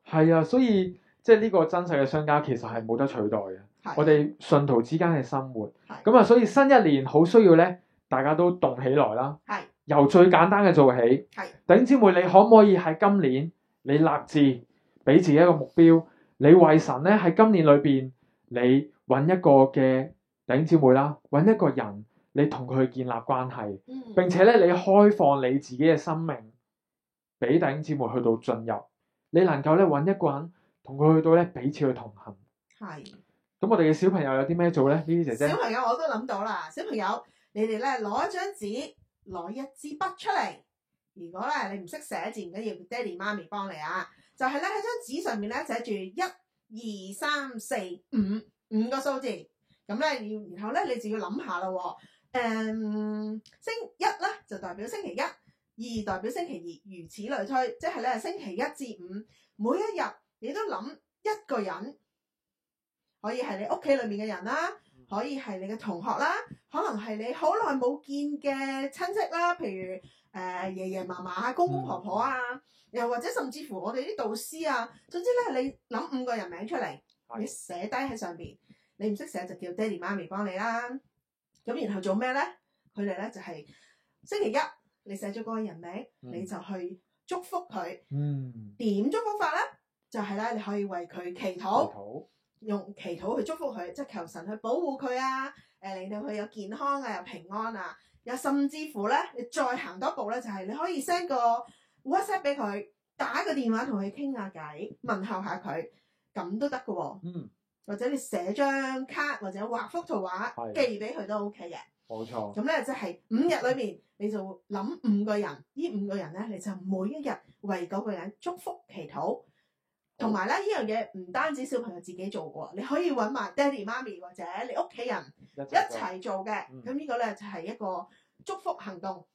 係啊，所以即係呢個真實嘅商家其實係冇得取代嘅。我哋信徒之間嘅生活，咁啊，所以新一年好需要咧，大家都動起來啦。係由最簡單嘅做起。係頂姊妹，你可唔可以喺今年你立志俾自己一個目標？你為神咧喺今年裏邊，你搵一個嘅弟兄姊妹啦，搵一個人，你同佢去建立關係，並且咧你開放你自己嘅生命，俾弟兄姊妹去到進入，你能夠咧搵一個人同佢去到咧彼此去同行。係是。咁我哋嘅小朋友有啲咩做咧？呢啲姐姐。小朋友我都諗到啦，小朋友你哋咧攞一張紙，攞一支筆出嚟。如果咧你唔識寫字，唔緊要，爹哋媽咪幫你啊。就係咧喺張紙上面咧寫住一二三四五五個數字，咁咧要然後咧你就要諗下啦喎、誒。星一咧就代表星期一，二代表星期二，如此類推，即係咧星期一至五每一日你都諗一個人，可以係你屋企裏面嘅人啦，可以係你嘅同學啦，可能係你好耐冇見嘅親戚啦，譬如誒爺爺嫲嫲啊、公公婆婆啊。又或者甚至乎我哋啲導師啊，總之咧，你諗五個人名出嚟，你寫低喺上邊。你唔識寫就叫爹哋媽咪幫你啦。咁然後做咩咧？佢哋咧就係、是、星期一，你寫咗嗰個人名，你就去祝福佢。嗯，點祝福法咧？就係咧，你可以為佢祈禱，祈禱，用祈禱去祝福佢，即係求神去保護佢啊。誒，令到佢有健康啊，有平安啊。又甚至乎咧，你再行多一步咧，就係、是、你可以 send 個 WhatsApp 俾佢，打個電話同佢傾下偈，問候下佢咁都得嘅喎。哦、嗯，或者你寫張卡或者畫幅圖畫的寄俾佢都 O K 嘅，冇錯。咁咧就係五日裏面你就諗五個人，呢五、嗯、個人咧你就每一日為九個人祝福祈禱，同埋咧呢樣嘢唔單止小朋友自己做過，你可以揾埋爹哋媽咪或者你屋企人一齊做嘅。咁、嗯、呢個咧就係、是、一個祝福行動，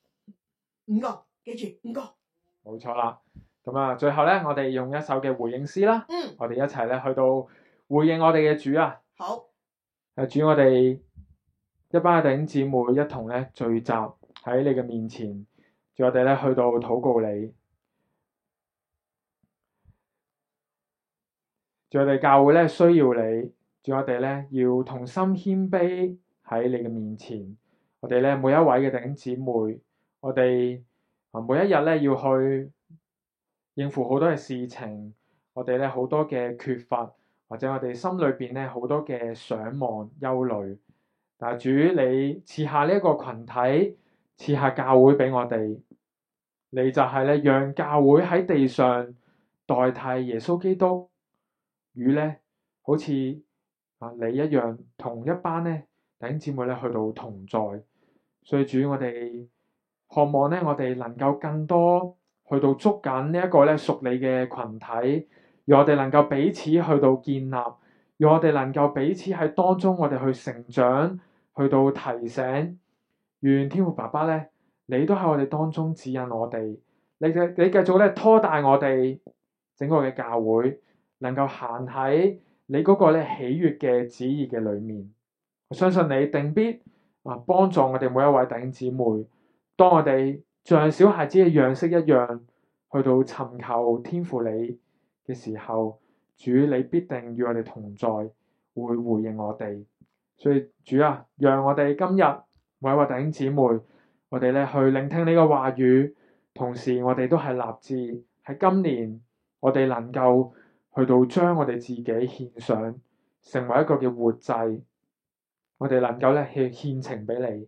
五個記住五個。冇錯啦，咁啊，最後咧，我哋用一首嘅回應詩啦。嗯，我哋一齊咧去到回應我哋嘅主啊。好，主我哋一班弟兄姊妹一同咧聚集喺你嘅面前，主我哋咧去到禱告你，主我哋教會咧需要你，主我哋咧要同心謙卑喺你嘅面前，我哋咧每一位嘅弟兄姊妹，我哋。每一日咧要去應付好多嘅事情，我哋咧好多嘅缺乏，或者我哋心裏邊咧好多嘅想望憂慮。但係主，你賜下呢一個群體，賜下教會俾我哋，你就係咧讓教會喺地上代替耶穌基督，與咧好似啊你一樣，同一班咧弟兄姊妹咧去到同在。所以主，我哋。渴望咧，我哋能夠更多去到捉緊呢一個咧屬你嘅群體，讓我哋能夠彼此去到建立，讓我哋能夠彼此喺當中我哋去成長，去到提醒。願天父爸爸咧，你都喺我哋當中指引我哋，你你繼續咧拖帶我哋整個嘅教會，能夠行喺你嗰個咧喜悅嘅旨意嘅裏面。我相信你定必啊幫助我哋每一位弟兄姊妹。當我哋像小孩子嘅樣式一樣去到尋求天父你嘅時候，主你必定與我哋同在，會回應我哋。所以主啊，讓我哋今日，各位弟兄姊妹，我哋咧去聆聽你嘅話語，同時我哋都係立志喺今年，我哋能夠去到將我哋自己獻上，成為一個叫活祭，我哋能夠咧去獻，獻情俾你。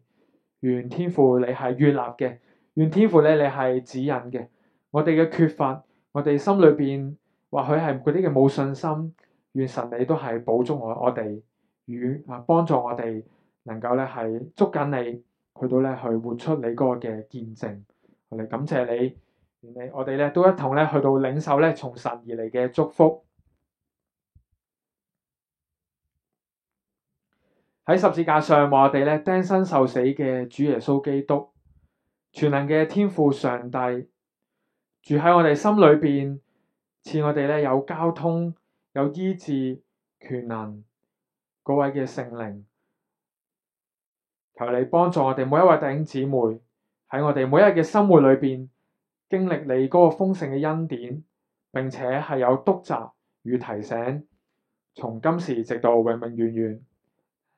願天父你係悅納嘅，願天父咧你係指引嘅。我哋嘅缺乏，我哋心裏面或許係嗰啲嘅冇信心，願神你都係補足我，我哋與啊幫助我哋能夠咧係捉緊你，去到咧去活出你嗰個嘅見證。我哋感謝你，你我哋咧都一同咧去到領受咧從神而嚟嘅祝福。喺十字架上為我哋咧釘身受死嘅主耶穌基督，全能嘅天父上帝住喺我哋心裏邊，賜我哋咧有交通、有醫治權能嗰位嘅聖靈。求你幫助我哋每一位弟兄姊妹喺我哋每一日嘅生活裏邊經歷你嗰個豐盛嘅恩典，並且係有督責與提醒，從今時直到永永遠遠，遠。